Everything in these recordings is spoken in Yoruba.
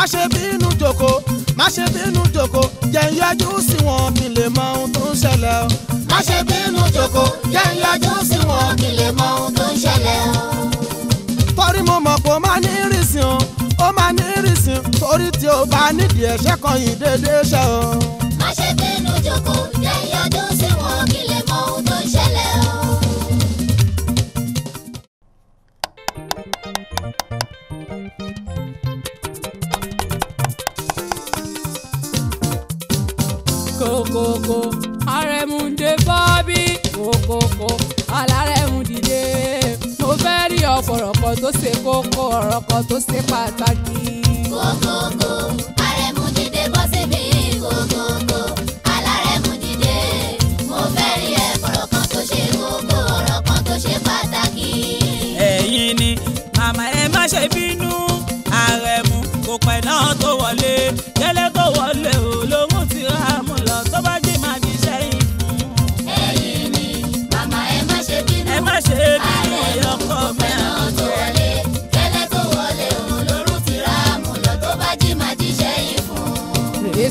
má ṣe bínú jòkó má ṣe bínú jòkó jẹ́ ń yọjú sí wọn kí lè mọ ohun tó ń ṣẹlẹ̀ o. má ṣe bínú jòkó jẹ́ ń yọjú sí wọn kí lè mọ ohun tó ń ṣẹlẹ̀ o. torí mo mọ̀ pé ó máa ní ìrìsìn o ó máa ní ìrìsìn torí tí o bá nídìí ẹ̀ṣẹ̀ kan yìí déédéé ṣe o. má ṣe bínú jòkó jẹ́ ń yọjú sí wọn kí lè mọ ohun tó ń ṣẹlẹ̀ o. thank you kòkò àrẹ̀múndé bọ́bí kòkòkò alárẹ̀múndìdé mo fẹ́ rí ọ̀pọ̀rọ̀ kan tó ṣe kókó ọ̀rọ̀ kan tó ṣe pàtàkì. kòkòkò àrẹ̀múndìdé bọ́ síbi kòkòkò alárẹ̀múndìdé mo fẹ́ rí ẹ̀pọ̀rọ̀ kan tó ṣe kókó ọ̀rọ̀ kan tó ṣe pàtàkì. ẹ̀yin ni màmá ẹ má ṣe bínú àrẹ̀mú kò pẹ́ náà tó wọlé kẹ́lẹ́ tó wọlé o ló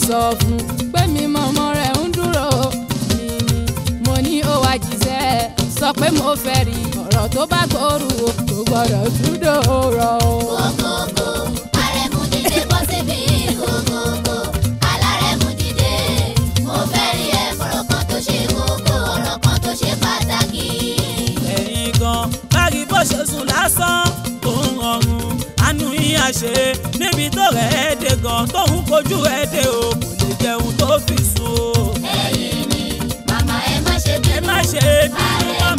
sọ fún pé mi mọ ọmọ rẹ̀ ń dúró mi ni mo ní ó wá jíṣẹ́ sọ pé mo fẹ́ rí ọ̀rọ̀ tó bá gbòòrò kò gbọ́dọ̀ dúdò rọ o. àṣe níbi tó rẹ̀ ẹ́ dé gan tóun kojú ẹ̀ dé o kò lè jẹun tó fi sùn o. ẹ̀yin ni màmá ẹ má ṣe bínú ẹ má ṣe bínú màmá.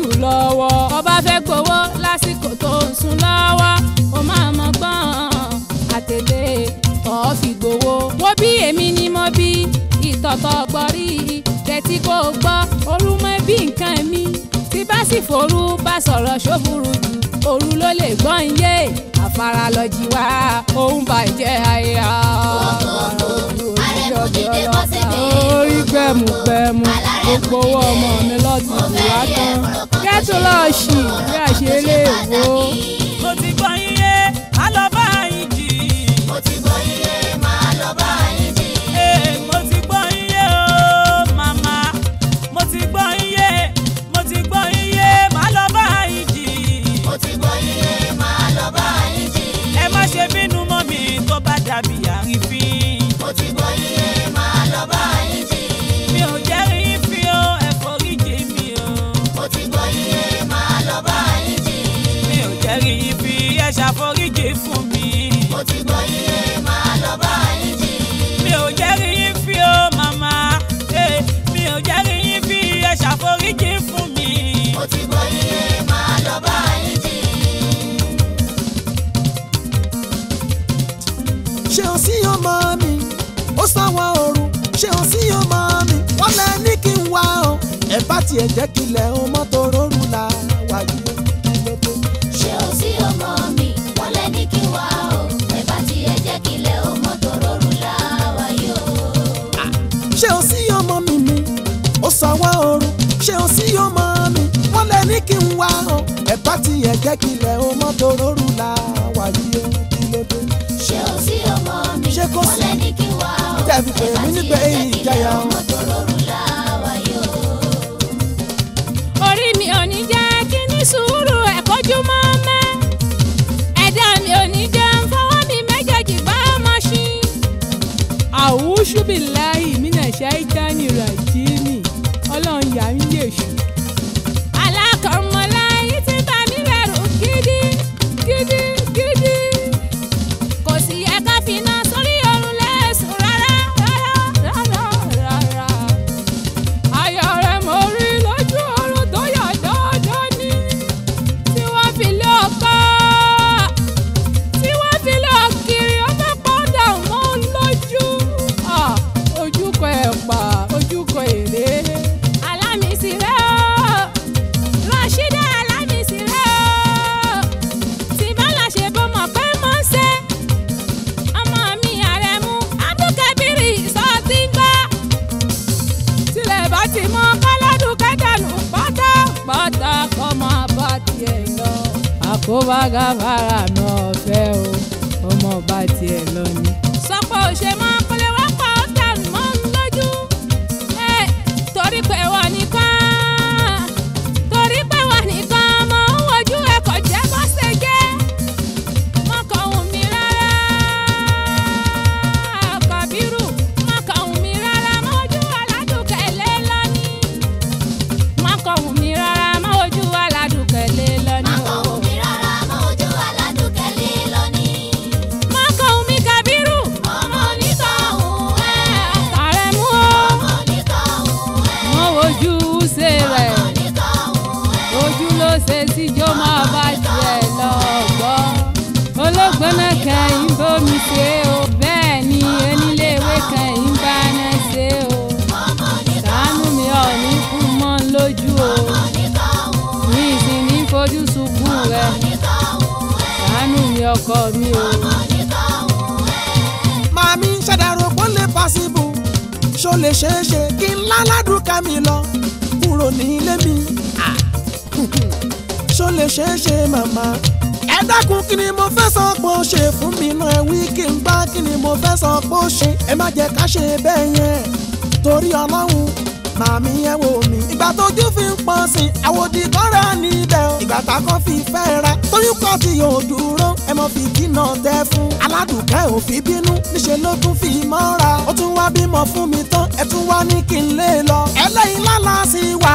jésù lọ́wọ́ ọba fẹ́ gbowó lásìkò tó ń sun lọ́wọ́ ó máa mọ gbọ́n àtẹ̀lé tó fi gbowó. wo bí èmi ni mo bí ìtọ̀tọ̀ gbọ́rí tẹ̀tí kò gbọ́ orúmọ bí nǹkan mi tí bá sì forú bá sọ̀rọ̀ ṣóburú jù òru ló lè gbọ́n iye àfara lọ jí wá òun bàjẹ́ àyà. orí gbẹ̀mùgbẹ̀mù gbogbo owó ọmọ mi lọ ti bù wá tán kẹ́tù lọ́ọ́ ṣì bí a ṣe lè wò ó. mo ti gbọ́ iye má lọ bá yín jì. mo ti gbọ́ iye má lọ bá yín. ti fi. mo ti gbọ́ iye máa lọ bá mi ò jẹ́ rí fi ó ẹ̀fọ́ rí jì mi mi ò jẹ́ rí fi ẹ ṣàforíjì fún mi. mi ò jẹ́ rí fi eh, mi ò jẹ́ rí fi ẹ ṣàforíjì fún mi. sí ọmọ mi ó sáwọn òru ṣé o sí ọmọ mi wọ́n lẹ ní kí n wá ọ ẹ bá tiẹ̀ jẹ́ kí ilẹ̀ o mọ́tò rọrùn la wà yìí ṣé o sí ọmọ mi wọ́n lẹ ní kí n wá ọ ẹ bá tiẹ̀ jẹ́ kí o mọ́tò rọrùn o. ṣé o sí ọmọ mi o sí ọmọ mi wọ́n lẹ ní o mọ́tò rọrùn la. tẹ̀ fi pè mí nígbà èyí ìjayà. gáfárà náà fẹ́ o ọmọ ọba tiẹ̀ lọ ni. jẹ́ ká ṣe bẹ́ẹ̀ yẹn torí ọlọ́run màmí ẹ wò mí. ìgbà tójú fi ń pọn sí àwòdì kọ́ra níbẹ̀ o. ìgbà tá a kàn fi fẹ́ ra tóyún kọ́ ti yóò dúró ẹ mọ̀ fi dínà tẹ fún. aládùúkẹ́ ò fi bínú níṣẹ́ ló tún fi mọ́ra. ó tún wá bímọ fún mi tán ẹ tún wá ní kí n lè lọ. ẹlẹ́yin lálá sí wa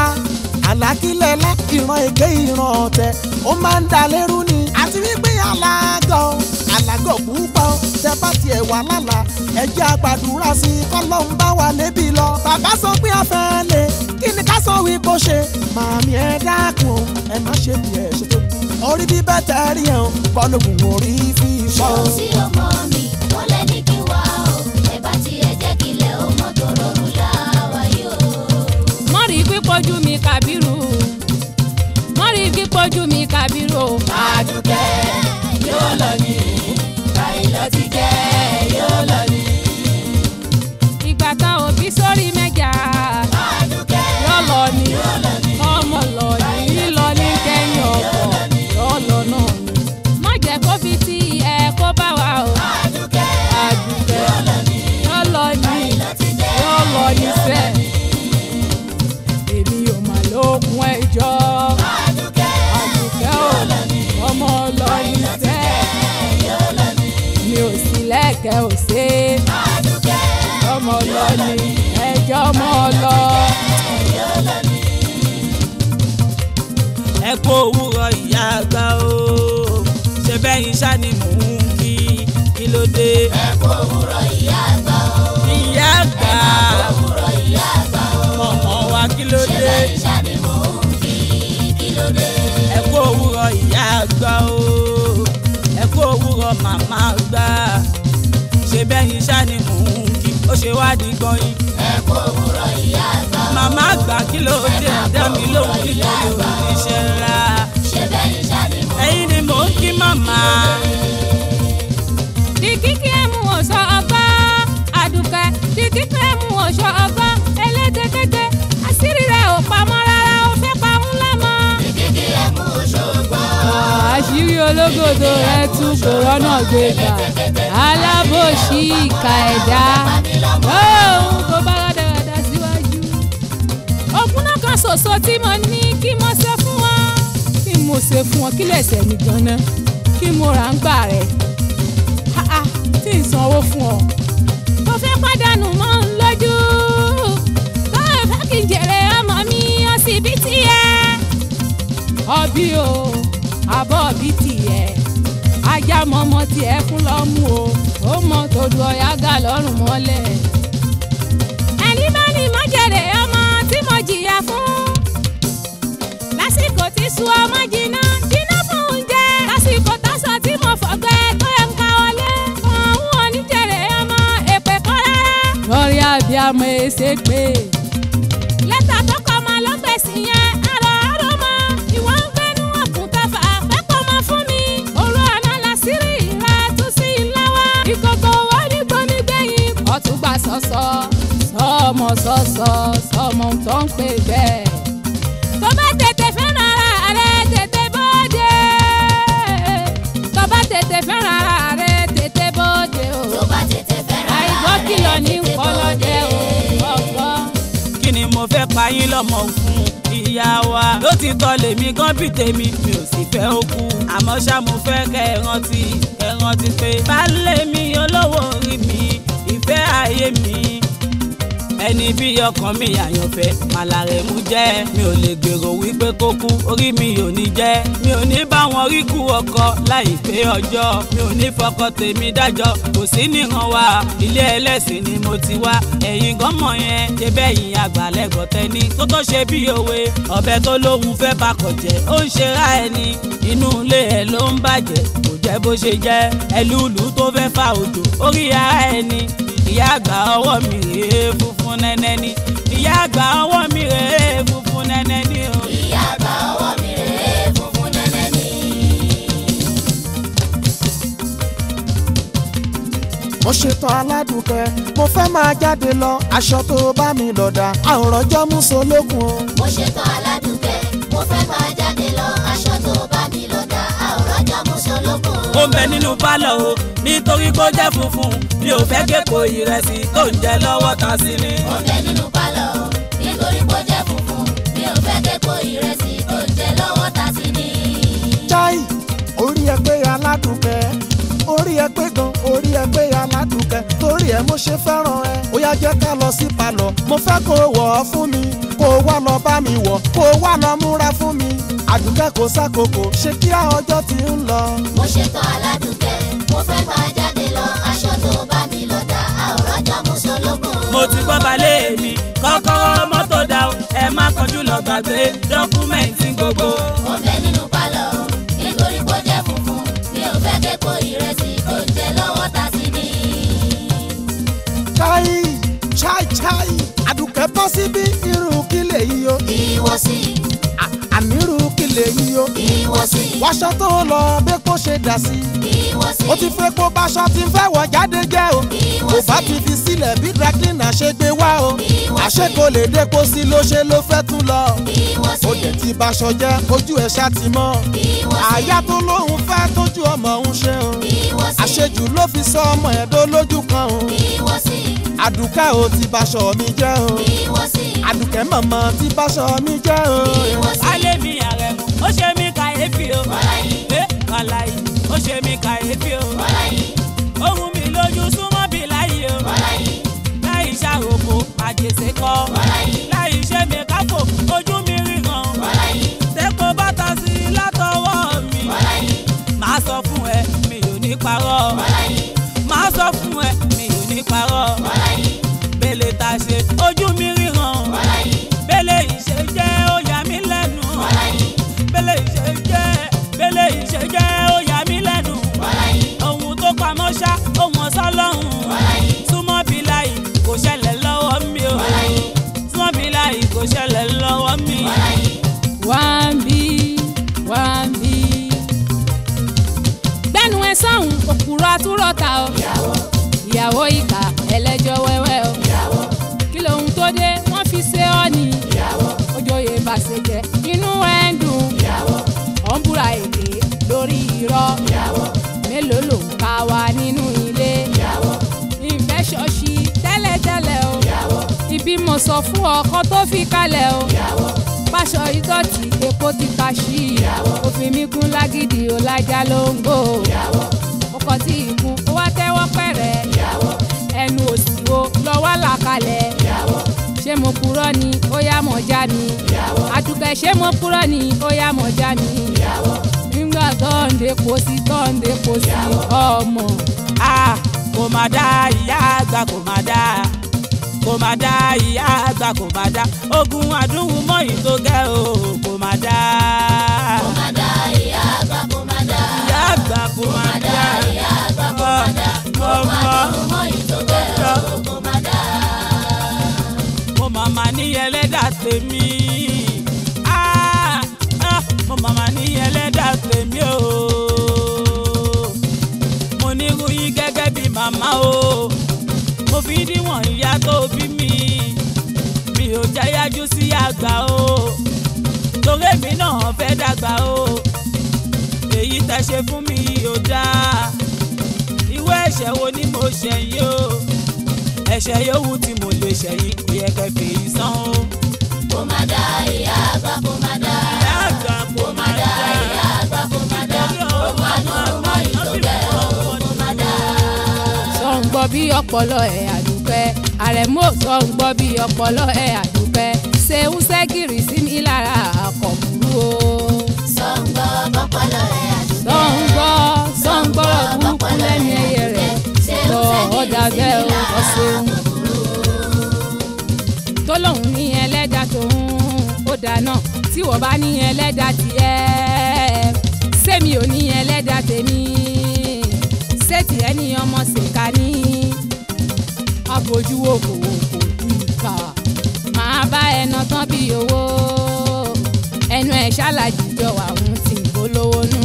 àlákílẹ̀lá ìran èké ìran ọ̀tẹ̀ ó máa ń da lérú ni àti wípé alágọ̀ alágọ̀ púpọ̀ tẹ bá tiẹ̀ wà lálàá ẹ jẹ́ àgbàdúrà sí i bá wa lébi lọ. bàbá sọ pé a fẹ́ lè kí ni ká sọ wí bó ṣe. màmí ẹ dákun ẹ má ṣe bí ẹ ṣe tó kú. orí bíbẹ́ tẹ́ rí ẹ̀ ń bọ́lùkùn orí fi sọ. ṣé o sí ọmọ mi mo lẹ ní kí wá o ẹ bá ti ẹ jẹ́ kí ilẹ̀ ọmọ tó rọrùn láwa yóò. mọ́rí pípọ́jú mi kàbírù mọ́rí pípọ́jú mi kàbírù. àdùkẹ́ yóò lọ ní báyìí lọ ti jẹ́ àdùkẹ́ ò ṣe é ọmọ lọ ni ẹjọ́ ọmọ lọ. ẹ kó òwúrọ̀ ìyá àgbà o ṣe bẹ́ẹ̀ yín ṣá ni mò ń kí kí ló dé. ẹ kó òwúrọ̀ ìyá àgbà o ìyá àgbà mọ̀mọ́ wa kí ló dé. ṣe bẹ́ẹ̀ yín ṣá ni mò ń kí kí ló dé. ẹ kó òwúrọ̀ ìyá àgbà o ẹ kó òwúrọ̀ màmá àgbà bẹ́yìn ṣá ni mò ń kí ó ṣe wá di gbọ̀nyìn. ẹ kú òwúrọ̀ ìyá àgbà. màmá àgbà kí ló dé ẹ̀dá mi lóhùn nítorí oníṣẹ́ ńlá. ṣé bẹ́yìn ṣá ni mò ń kí. ẹ̀yin ni mò ń kí màmá. di kíkẹ́ mú ọ̀ṣọ́ ọba àdùkẹ́ di kíkẹ́ mú ọ̀ṣọ́ ọba. ológodo rẹ tún gbòrọ́nà gbégbà alábòsí ìka ẹ̀dá ohun kò bá rádaràda síwájú. òkúná kan ṣoṣo tí mo ní kí mo ṣe fún wọn kí mo ṣe fún wọn kí lẹ̀ṣẹ̀ mi gan-an kí mo rà ń gbà rẹ̀ tí ń sanwó fún ọ. mo fẹ́ pàdánù mọ́ ń lójú báwo fẹ́ kí n jèrè ọmọ mi ọsibítì yẹ. ọbí o àbọ̀ bí tiẹ̀ ajá mọ́mọ́ tiẹ̀ fún lọ́mú o ó mọ tòdú ọ̀yá gà lọ́rùn mọ́lẹ̀. ẹni bá ní mọ́ jèrè ọmọ tí mo jìyà fún lásìkò tí sùn ọmọ jìnnà jìnnà fún oúnjẹ lásìkò tọ́sọ tí mo fọ̀gbẹ́ tó yẹ ká wọlé fún àwọn oníjèrè ọmọ èpè kọ́ rárá. lọ́rí àbí àmọ́ èsè pé. lẹ́tà tó kọ́ ọmọ lọ́gbẹ̀sì yẹn. pa sọ̀sọ̀ sọmọ sọ̀sọ̀ sọmọ tó ń pè bẹ́ẹ̀. tó bá tètè fẹ́ràn ara rẹ̀ tètè bóde tó bá tètè fẹ́ràn ara rẹ̀ tètè bóde o. àìgbọ́ kìlọ̀ ní kọ́lọ́dẹ o ọ̀gbọ́. kí ni mo fẹ́ pa yín lọ́mọ fún ìyá wa ló ti tọ́ lèmi gan bí tèmi mi ò sì fẹ́ ó àmọ́ ṣá mo fẹ́ kẹ́ ẹ rántí ẹ rántí pé baálé mi olówó orí mi olùfẹ́ ayé mi ẹni bí ọkàn mi àyànfẹ́ Màlàrẹ̀mú jẹ́ mi ò lè gbèrò wípé kó kú orí mi ò ní jẹ́ mi ò ní bá wọn rí kú ọkọ láìpé ọjọ́ mi ò ní fọkọ tèmi dájọ́ kò sí nìkan wá ilé ẹlẹ́sìn ni mo ti wá ẹ̀yin gan mọ̀ yẹn ṣe bẹ́ẹ̀ yín àgbàlẹ́gọ̀ tẹ́ni kó tó ṣe bí òwe ọ̀bẹ tó lóhun fẹ́ bakọ̀ jẹ́ ó ń ṣe ra ẹni inú ilé ẹ̀ ló ń bàjẹ́ kò jẹ́ bó ṣe jẹ́ ẹlúùlù ìyá àgbà ọwọ́ mi rèé funfun nẹ́nẹ́ ni ìyá àgbà ọwọ́ mi rèé funfun nẹ́nẹ́ ni o. ìyá àgbà ọwọ́ mi rèé funfun nẹ́nẹ́ ni. mo ṣetán aládùúkẹ́ mo fẹ́ máa jáde lọ aṣọ tó bá mi lọ̀dà àròjọ́ mú solókun o. mo ṣetán aládùúkẹ́ mo fẹ́ máa jáde ó ń bẹ nínú pálọ̀ o nítorí kó jẹ́ funfun mi ò fẹ́ gèpo ìrẹsì tó ń jẹ lọ́wọ́ ta sí ni. ó ń bẹ nínú pálọ̀ o nítorí kó jẹ́ funfun mi ò fẹ́ gèpo ìrẹsì tó ń jẹ lọ́wọ́ ta sí ni. chai orí ẹgbẹ́ aládùn orí ẹ pé gan orí ẹ pé aládùnkẹ́ torí ẹ mo ṣe fẹ́ràn ẹ ó yá jẹ́ ká lọ sí palọ̀ mo fẹ́ kó wọ̀ ọ́ fún mi kó wá lọ bá mi wọ̀ kó wá lọ múra fún mi àdùnkẹ́ kò sákòókò ṣe kí á ọjọ́ ti ń lọ. mo ṣètò aládùnkẹ́ mo fẹ́ bá jáde lọ aṣọ tó bá mi lọ dá àwòrán mo sọ lógún. mo ti gbọ́ balẹ̀ mi kọ́kọ́rọ́ mọ́tò dá ẹ má kọjú lọ gbàgbé dọ́kúmẹ̀ntì gbogbo. wá síbí irú kí lèyí o. ìwọ sí. ànírú kí lèyí o. ìwọ sí. wáṣọ tó lọ bẹ́ẹ̀ kó ṣe dà sí. ìwọ sí. ó ti fẹ́ kó báṣọ ti fẹ́ wọ̀ jáde jẹ́ o. ìwọ sí. kò bá ti fi sí tilẹ̀ bí draglin àṣegbé wá o àṣé kò lè dépo sí ló ṣe ló fẹ́ tún lọ ó lè ti baṣọ jẹ́ ojú ẹ̀ ṣàtìmọ́ àyà tó lóun fẹ́ tójú ọmọ òun ṣe o àṣejù ló fi sọ ọmọ ẹ̀ dó lójú kan o àdùkẹ́ o ti baṣọ mi jẹ́ o àdùkẹ́ mọ̀mọ́ ti baṣọ mi jẹ́ o. alẹ́ mi ààrẹ ó ṣe mí kàyéfì o wàláyé eh, ó ṣe mí kàyéfì o ohun roko àjèsè kọ́ láì ṣe mẹ́káfò ojú mi rí hàn sẹ́kọ̀ bàtà sí látọwọ́ mi màá sọ fún ẹ mi ò ní parọ́ màá sọ fún ẹ mi ò ní parọ́ bẹ́lẹ̀ tá a ṣe ojú mi rí hàn bẹ́lẹ̀ ìṣe jẹ́ ó yà mí lẹ́nu bẹ́lẹ̀ ìṣe jẹ́ bẹ́lẹ̀ ìṣe jẹ́ ó yà mí lẹ́nu. sọ́hùn òkúrọ̀ àtúrọ̀ta o ìyàwó ìkà ẹlẹ́jọ́ wẹ́wẹ́ o kí lóhun tó dé wọ́n fi ṣe ọ́ ni òjòyè bàṣẹjẹ inú ẹ̀ ń dùn ọ̀ ń búra èké lórí irọ́ mélòó ló ń pa wá nínú ilé ìfẹ́ tẹ́lẹ̀tẹ́lẹ̀ o ibi sọ fún ọkọ tó fi kalẹ̀ o fáṣọ ìdọ̀tí epo ti ta sí ìyàwó òfin mi kún lágídí ọlájà ló ń gbò ìyàwó ọkọ tí ìkún ó wá tẹ́wọ́ pẹ̀rẹ̀ ìyàwó ẹnu òsì wo lọ́wọ́ là kalẹ̀ ìyàwó ṣé mo purọ́ ni ó yá mọ̀ já mi ìyàwó ṣé mo purọ́ ni ó yá mọ̀ já mi nígbà tọ́ǹde kò sí tọ́ǹde kò sí ọmọ a kò má dá ìyá àgbà kò má dá kò má dá ìyá àgbà kò má dá ogun àdúhùn mọ́yìn tó gẹ́ o kò má dá. kò má dá ìyá àgbà kò má dá. ìyá àgbà kò má dá. ìyá àgbà kò ogun àdúhùn mọ́yìn tó gẹ́ o kò má dá. mo màmá ní ẹlẹ́dà tèmi. Ah, ah, mo màmá ní ẹlẹ́dà tèmi o. mo ní irú yín gẹ́gẹ́ bí màmá o mo fi ń díwọ̀n ìyá tó bí mi mi ò jẹ́ yájú sí àgbà o torí èmi náà fẹ́ dàgbà o èyí tẹ́ ṣe fún mi ò dáa ìwé ẹ̀ṣẹ̀ wo ni mo ṣẹ̀ yín o ẹ̀ṣẹ̀ yòówù tí mo lè ṣẹ̀ yín kò yẹ kẹ́ fi sán o. kò má dá ìyá àgbà kò má ọpọlọ ẹ̀ àdúpẹ́ àrẹ̀mú òsọ̀ ń gbọ́ bí ọpọlọ ẹ̀ àdúpẹ́ ṣeun ṣẹ́gìrì sí mi lára àkọ́kùrú o. sọ̀ǹgbọ́ bọ́pọ̀lọ ẹ̀ àdúpẹ́ sọ̀ǹgbọ́ sọ̀ǹgbọ́ burúkú lẹ́nu ẹyẹ rẹ̀ lọ ọ̀dà bẹ́ẹ̀ o ṣeun. tó lóun ní ẹlẹ́dà tòun ó dáná tí wọ́n bá ní ẹlẹ́dà tiẹ̀ sẹ́mi ò ní ẹlẹ́dà tèmi kìrìsìtẹ́nì ọmọ ṣìkà ní abojú okòwò kò dùkà máa bá ẹnu tán bí owó ẹnu ẹ̀ ṣàlàjì jọ àwọn tí ń bolówó nù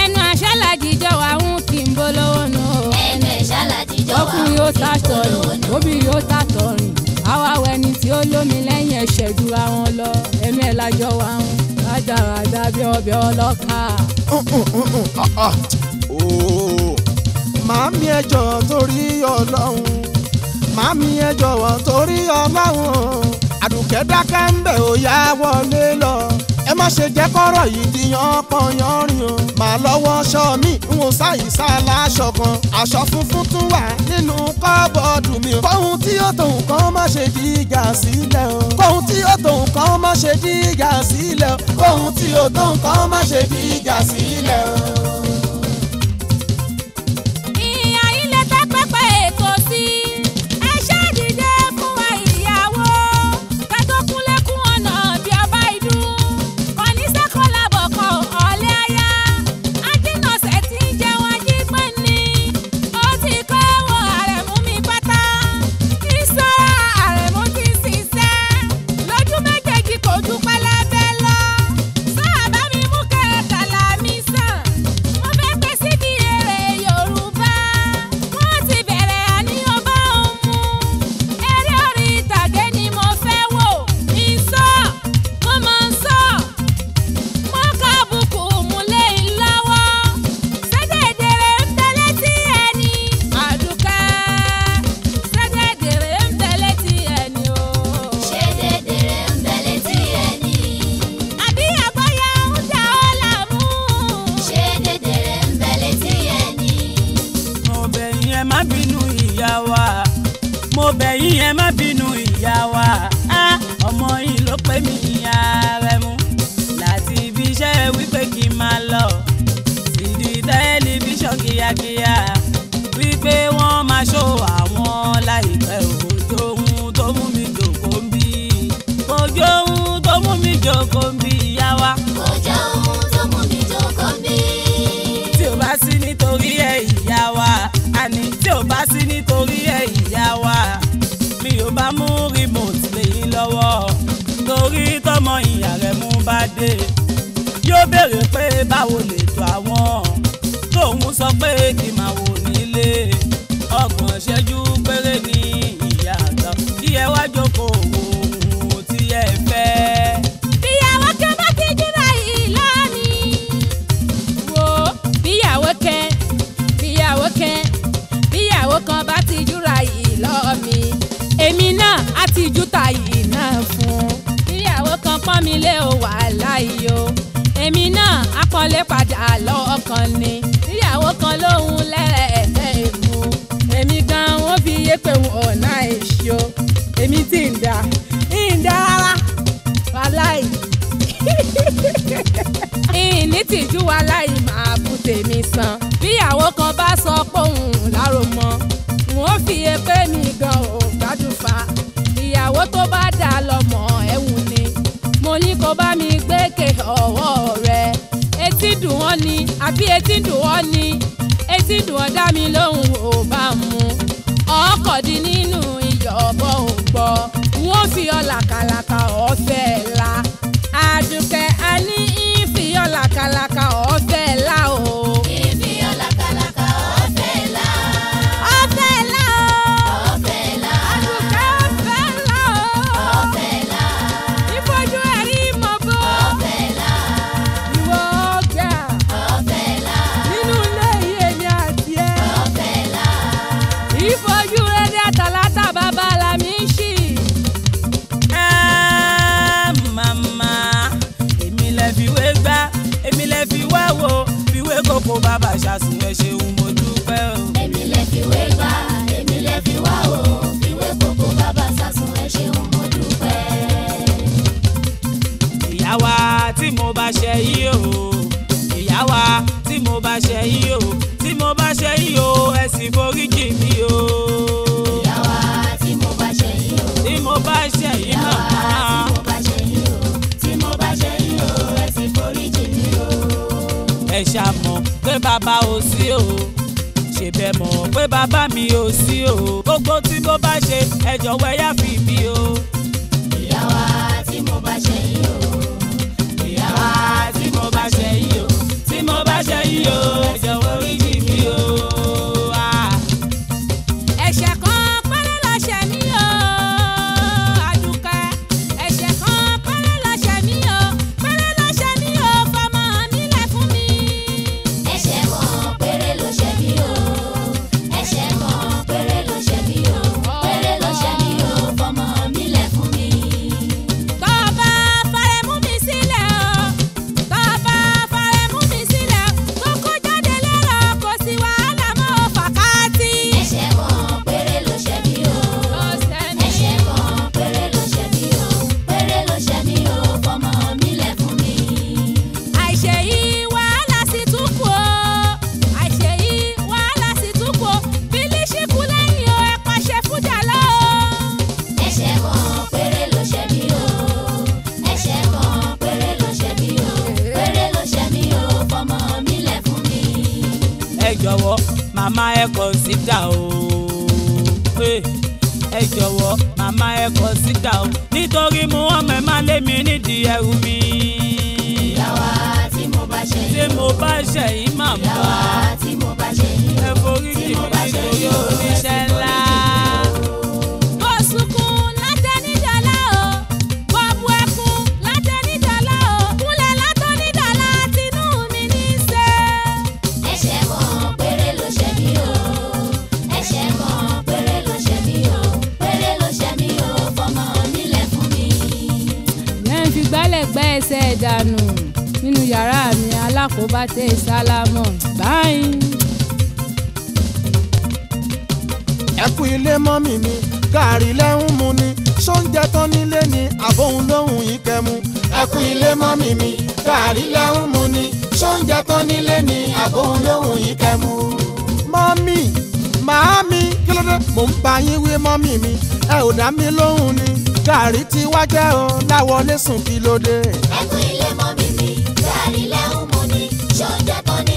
ẹnu ẹ̀ ṣàlàjì jọ àwọn tí ń bolówó nù ẹnu ẹ̀ ṣàlàjì jọ àwọn tí ń bolówó nù ọkùnrin yóò tàtọ̀rìn obìnrin yóò tàtọ̀rìn àwa awọ ẹni tí ó lómi lẹ́yìn ẹ̀ṣẹ̀ ju àwọn lọ ẹnu ẹ̀ lájọ wa ń rádaràdà bí ọbẹ̀ ọlọ́kà. Mm, mm, mm, ah, ah màámi ẹ jọ̀ọ́ torí ọlọ́run màámi ẹ jọ̀ọ́ torí ọlọ́run àdùkẹ́ dákẹ́ ń bẹ̀ ó yá wọlé lọ ẹ má ṣe jẹ́ kọ́rọ̀ yìí di yánpọnyánrin o màá lọ́wọ́ ṣọ mi n ò sáyìí sá láṣọ kan aṣọ funfun tún wà nínú kọ́bọ̀dù mi o kóhun tí ó tòun kan má ṣe di ìjà sílẹ̀ o kóhun tí ó tòun kan má ṣe di ìjà sílẹ̀ o kóhun tí ó tòun kan má ṣe di ìjà sílẹ̀ o. tìjú aláì máa bu tèmi san bíyàwó kan bá sọ pé òun mọ n ó fi epe mi gan ò gbádùn fa ìyàwó tó bá dà lọ́mọ ẹ̀wù ni mo ní kó bá mi gbékè ọwọ́ rẹ etí dùn ọ́ ni àbí etí dùn ọ́ ni etí dùn ọ́ dá mi lóhùn ò bá mu ọkọ̀ di nínú ìyọ̀bọ̀ ò gbọ́ n ó fi ọ làkàlàkà ọ̀fẹ́ la. calaca. bàbá ò sí o ṣe bẹ́ẹ̀ mọ̀ pé bàbá mi ò sí o gbogbo tí mo bá ṣe ẹ jọ̀wọ́ yá fi bí o. ìyá wa tí mo bá ṣe yìí o ìyá wa tí mo bá ṣe yìí o tí mo bá ṣe yìí o. mò ń bá yín wí mọ́mì mi ẹ ò dá mi lóhùn ni gàrí tí wá jẹ́ o láwọlé sùn kí ló dé. ẹkún ilé mọ́mì mi gàrí lẹ́hùn mo ní ṣó jẹ́ tán ni.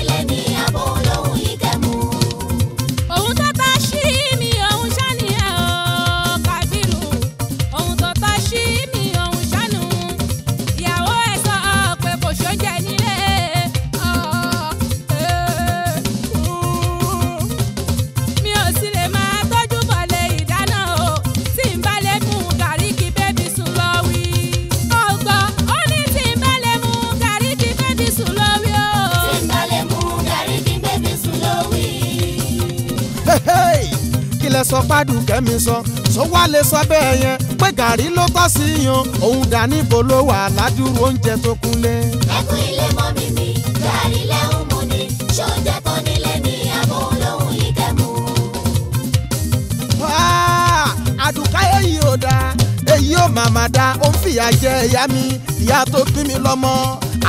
kẹ́mi sọ sọ wá lè sọ bẹ́ẹ̀ yẹn pé gàrí ló tọ́ sí yan òun dà níbo ló wà ládùúrú oúnjẹ tó kúnlé. ẹkún ilé mọ́ mi mi gàrí lẹ́hùn mu ni ṣóúnjẹ tó nílé ni àbóhùn lòun yìí kẹ́mu. àdùká èyí ò dáa èyí ò màmá dáa ó ń fìyà jẹ ìyá mi ìyá tó bí mi lọ́mọ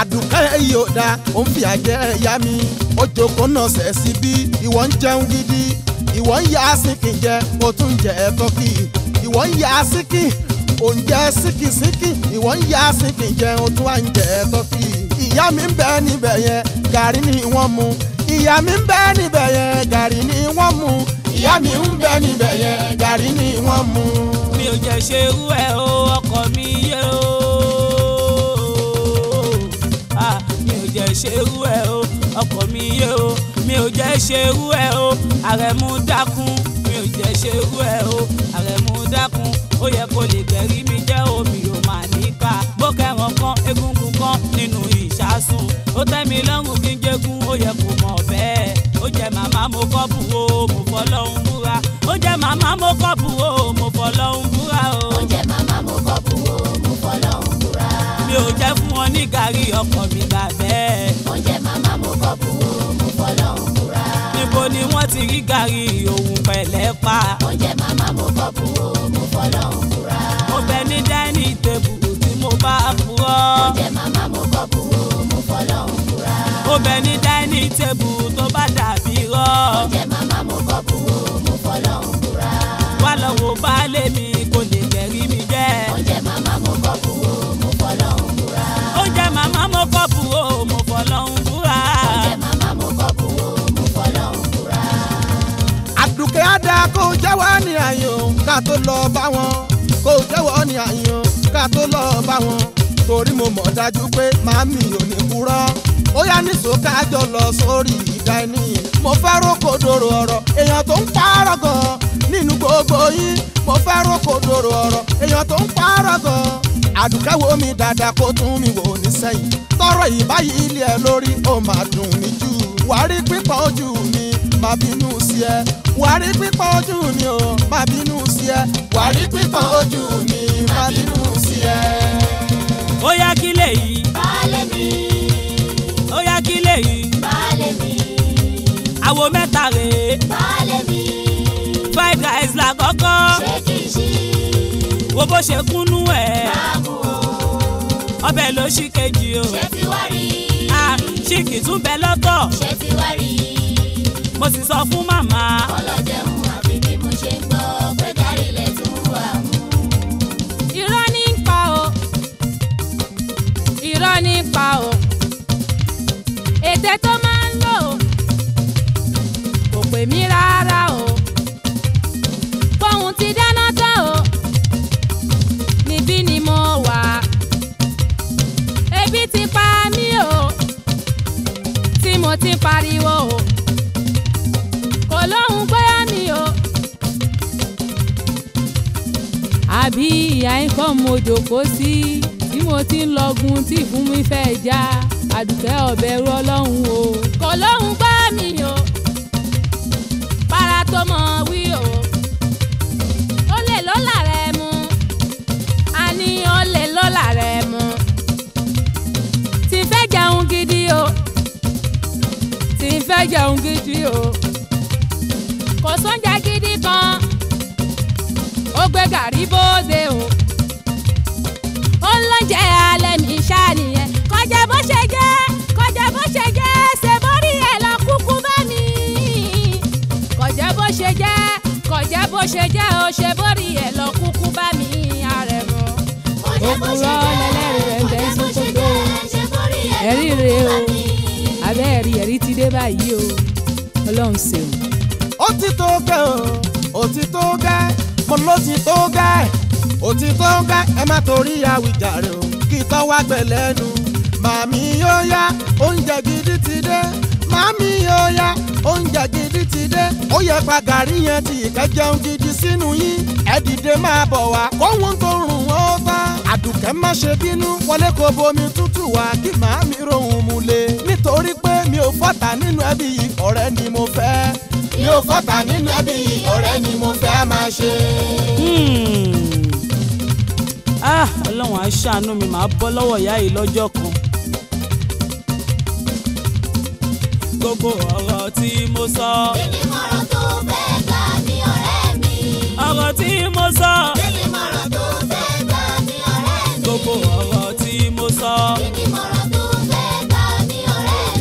àdùkẹ́ yìí ò dáa ó fìyà jẹ ẹ̀yà mi ó jókòó náà sẹ̀ sí bí jẹun gidi ìwọ ń ya síkì jẹ mo tún jẹ tọ́kì ìwọ ń ya síkì oúnjẹ síkì síkì ìwọ ń ya síkì jẹ o tún wá ń jẹ tọ́kì ìyá mi ń bẹ níbẹ̀ yẹn gàrí ni wọ́n mu ìyá mi ń bẹ níbẹ̀ yẹn gàrí ni wọ́n mu ìyá mi ń bẹ níbẹ̀ yẹn gàrí ni wọ́n mu. mi ò jẹ́ ṣe irú ẹ̀ o ọkọ mi yé o ah, mi ò jẹ́ ṣe irú ẹ̀ o ọkọ mi yé o mi ò jẹ́ ṣerú ẹ̀ o àrẹ̀mú dákun mi ò jẹ́ ṣerú ẹ̀ o àrẹ̀mú dákun ó yẹ kó lè gẹ̀rí mi jẹ́ omi ò mà níkà gbókẹ́ràn kan egungun kan nínú ìṣàsùn ó tẹ́ mi lọ́rùn kí n jẹ́gun ó yẹ kó mọ̀ bẹ́ẹ̀ ó jẹ́ màmá mo kọ́ bù o mo fọ́ lọ́hún búra ó jẹ́ màmá mo kọ́ bù o mo fọ́ lọ́hún búra o. ó jẹ́ màmá mo kọ́ bù o mo fọ́ lọ́hún búra. mi ò jẹ́ fún wọn ní gàrí ọkọ mi gbà bẹ́ẹ̀. ó jẹ́ màmá mo kọ́ bù o. Èkó ni wọ́n ti rí gàrí òun pẹ̀lẹ́ pa. Oúnjẹ màmá mo bọ̀ bù ó, mo fọlọ́ ń búra. Mo bẹ ní dáínì tèbù tí mo bá purọ́. Oúnjẹ màmá mo bọ̀ bù ó, mo fọlọ́ ń búra. Mo bẹ ní dáínì tèbù tó bá dàbí rọ́. Oúnjẹ màmá mo bọ̀ bù ó, mo fọlọ́ ń búra. Wá lọ wo baálé mi kò lè jẹ́rí mi jẹ́. Oúnjẹ màmá mo bọ̀ bù ó. ká tó lọ bá wọn kó jẹ́wọ́ ní àyàn ká tó lọ bá wọn torí mo mọ̀ dájú pé màmí ò ní purọ́ ó yá níṣó kájọ lọ sórí ìdá ẹni mo fẹ́ rókòdòrò ọ̀rọ̀ èèyàn tó ń pààrọ̀ gan nínú gbogbo yín mo fẹ́ rókòdòrò ọ̀rọ̀ èèyàn tó ń pààrọ̀ gan àdùkẹ́ wo mi dáadáa kó tún mi wò ní sẹ́yìn tọrọ ìbáyìí ilé ẹ lórí ó máa dùn mí jù wàá pípọ̀ ojú mi má bínú sí ẹ wàá rí pípọ́n ojú mi o má bínú sí ẹ wàá rí pípọ́n ojú mi má bínú sí ẹ. ó yá kí lè yí. mi. ó yá kí lè yí. mi. àwo mẹ́ta rèé. baálé mi. five guys la kọ́kọ́. ṣé kì í ṣí. wo bó ṣe kúnnú ẹ̀. báwo. ọbẹ̀ ló kejì o. ṣé ti wá rí i. Ah, ṣìkì tún bẹ lọ́tọ̀. ṣé ti wá rí i mo sì sọ fún màmá. ọlọ́jẹ̀hún àbí bí mo ṣe gbọ́ pé dárí lè tún wà mú. irọ́ ní ń pa o irọ́ ètè tó máa ń lò kò pè mí rárá o fóun ti dáná tán o níbí ni mo wà ebi ti pa mí o tí mo ti pariwo o. ìyá ikọ́ mo jòkó sí tí mo ti ń lọgun tí ìfún mi fẹ́ já àdùkẹ́ ọ̀bẹ rú ọlọ́run o. kò lóhun bá mi o para tó mọ wí o ó lè lọ́la rẹ mu a ní ó lè lọ́la rẹ mu tí fẹ́ jẹun gidi o tí n fẹ́ jẹun gidi o kò sóúnjẹ gidi kan ó gbé gàrí bóde o bó ṣe jẹ́ ó ṣe bórí ẹ̀ lọ kúkú bá mi àrẹ̀mọ. òkun lọ lẹ́lẹ́rìí rẹ̀ ń tẹ́ sí kókó ẹ̀rí rè o abẹ́ ẹ̀rí ẹ̀rí ti dé báyìí o ọlọ́run ṣeun. ó ti tó gẹ́ o ó ti tó gẹ́ mo ló ti tó gẹ́ ó ti tó gẹ́ ẹ má torí àwíjàre o kí tọ́wọ́ àgbẹ̀ lẹ́nu màmí yóò yá oúnjẹ gidi ti dé màmí yóò yá oúnjẹ gidi gidi ti dé. ó yẹ pa gàrí yẹn ti ìkẹ́ jẹun gidi sínú yín. ẹ dìde máa bọ̀ wá. kóhun tó rùn wọ́n bá. àdùkẹ́ má ṣe bínú. wọlé kó bomi tútù wá kí màá mi rohùn mu le. nítorí pé mi ò fọ́tà nínú ẹbí yìí ọ̀rẹ́ ni mo fẹ́. mi ò fọ́tà nínú ẹbí yìí ọ̀rẹ́ ni mo fẹ́ máa ṣe. Hmm. Ah, ọlọ́run á ṣàánú mi màá bọ́ lọ́wọ́ ìyá yìí lọ́jọ́ kókó ọ̀rọ̀ tí mo sọ. èmi mọ̀rọ̀ tó fẹ́ gbà ní ọ̀rẹ́ mi. ọ̀rọ̀ tí mo sọ. èmi mọ̀rọ̀ tó fẹ́ gbà ní ọ̀rẹ́ mi. kókó ọ̀rọ̀ tí mo sọ. èmi mọ̀rọ̀ tó fẹ́ gbà ní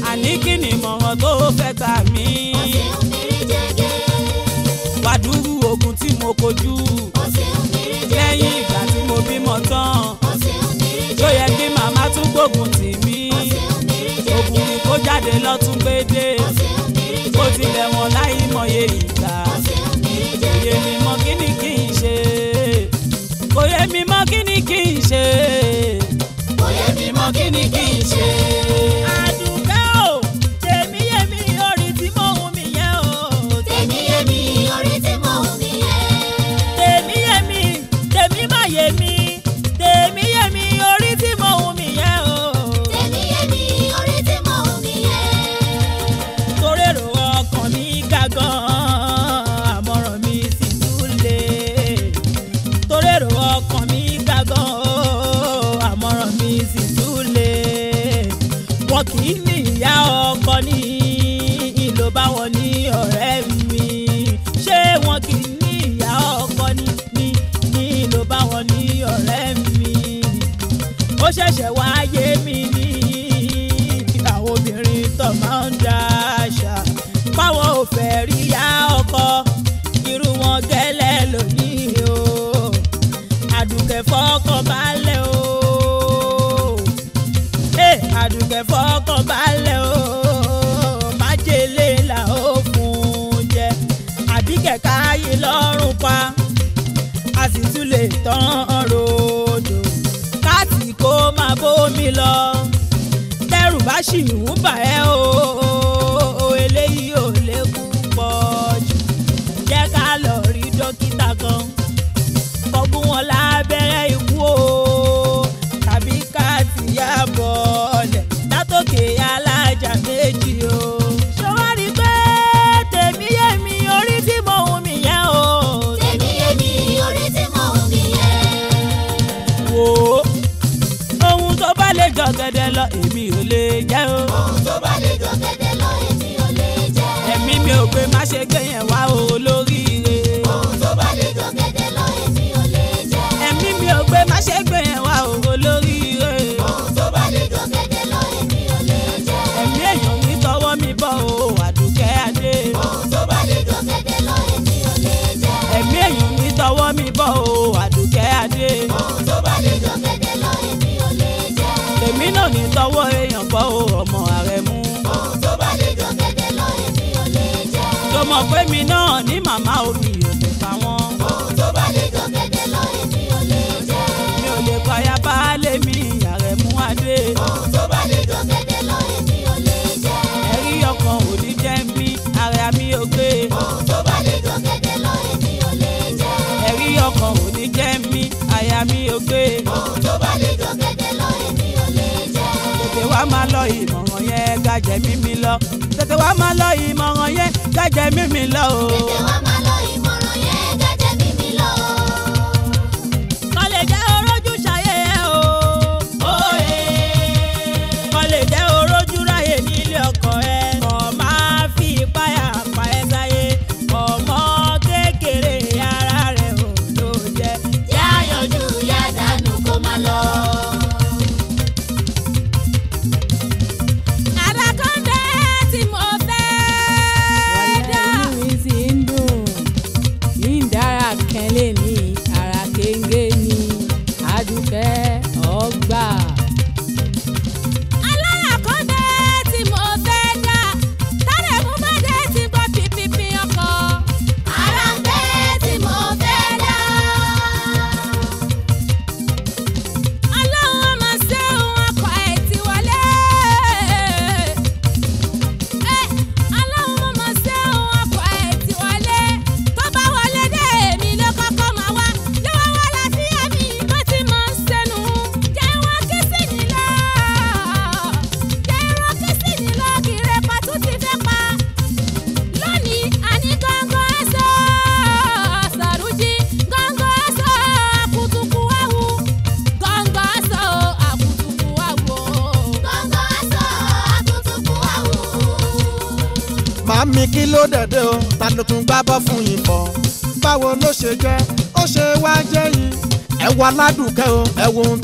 àní kí ni mọ̀rọ̀ tó fẹ́ tà mí. ọ̀sẹ̀ òmìnir ogun tí mo kojú. lẹ́yìn ìgbà tí mo bímọ tán. ọ̀sẹ̀ yẹ kí màmá tún gbógun t gbèdé lọ́tún gbèdé ó ti lẹ̀ wọ́n láì mọ̀ye ìgbà òye mi mọ kí kí n ṣe òye mi mọ kí kí n ṣe òye mi mọ kí kí n ṣe. kó máa bómi lọ tẹ́rù bá sì ń bà ẹ́ o eléyìí ò lékú pọ̀ jù jẹ́ ká lọ rí dókítà kan kọ́gún wọn lábẹ́rẹ́ ikú o tàbí ká tìyà bọ̀ọ̀lẹ̀ látòkè alájà méjì o. jọ̀gẹ̀dẹ̀ lọ èmi ò lè jẹ́ o. ohun tó bá lè jọ̀gẹ̀dẹ̀ lọ èmi ò lè jẹ́. ẹ̀mí mi ò pé má ṣe gbé yẹn wá o lóríire. ohun tó bá lè jọ̀gẹ̀dẹ̀ lọ èmi ò lè jẹ́. ẹ̀mí mi ò pé má ṣe gbé yẹn wá o lóríire. ohun tó bá lè jọ̀gẹ̀dẹ̀ lọ èmi ò lè jẹ́. ẹ̀mí èèyàn ní tọwọ́ mi bọ̀ o àdùkẹ́ adé. ohun tó bá lè jọ̀gẹ̀dẹ̀ lọ èmi ò lè jẹ́. ẹ̀mí èèyàn ní tọwọ́ mi bọ̀ o àdùkẹ́ adé. ohun tó bá ní tọwọ́ èèyàn bọ́ o ọmọ ààrẹ mú. ohun tó bá lè jọ gẹ́gẹ́ lọ èmi ò lè jẹ́. tó mọ̀ pé mi náà ní màmá omi ò lè pa wọ́n. ohun tó bá lè jọ gẹ́gẹ́ lọ èmi ò lè jẹ́. mi ò lè payá baálé mi ààrẹ mú adé. ohun tó bá lè jọ gẹ́gẹ́ lọ èmi ò lè jẹ́. ẹ̀rí ọkàn ò ní jẹ́ mi ara mi ò gbé. ohun tó bá lè jọ gẹ́gẹ́ lọ èmi ò lè jẹ́. ẹ̀rí ọkàn ò ní jẹ́ mi àyà mi ò gbé. ohun tó bá lè jọ gẹ́gẹ́ wá máa lọ ìmọ̀ràn yẹn gàjẹ́ mímí lọ tètè wá máa lọ ìmọ̀ràn yẹn gàjẹ́ mímí lọ tètè wá máa lọ ìmọ̀ràn.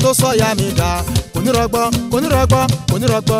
tó sọ ya mi dà kò ní rọgbọ kò ní rọgbọ kò ní rọgbọ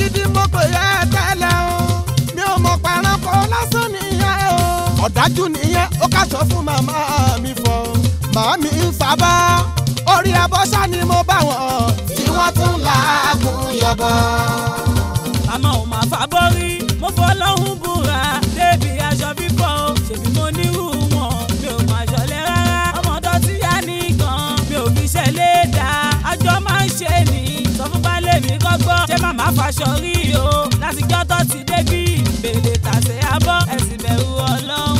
gidi mo pè é tẹ́lẹ̀ o mi ò mọ̀ paranko lásán nìyẹn o ọ̀dájú nìyẹn ó kàṣọ fún màmá mi fọ màmí ń fàbá orí abọ́ṣá ni mo bá wọn. tí wọ́n tún làágùn yọ̀bọ̀. màmá ò máa fà bọ́rí mo fọ́ lọ́hùn búra débi aṣọ fífọ́ ṣèbí mo nírú wọn mi ò máa ṣọlẹ̀ rárá ọmọ tó ti yá nìkan mi ò fi ṣẹlẹ̀ dá àjọ máa ń ṣe nìyí sọ fún balẹ̀ mi kọ́gbọ́n má faṣọ rí o látijọ́ tó ti débí ìbèlè tàṣẹ abọ́ ẹ̀sìn bẹ̀rù ọlọ́run.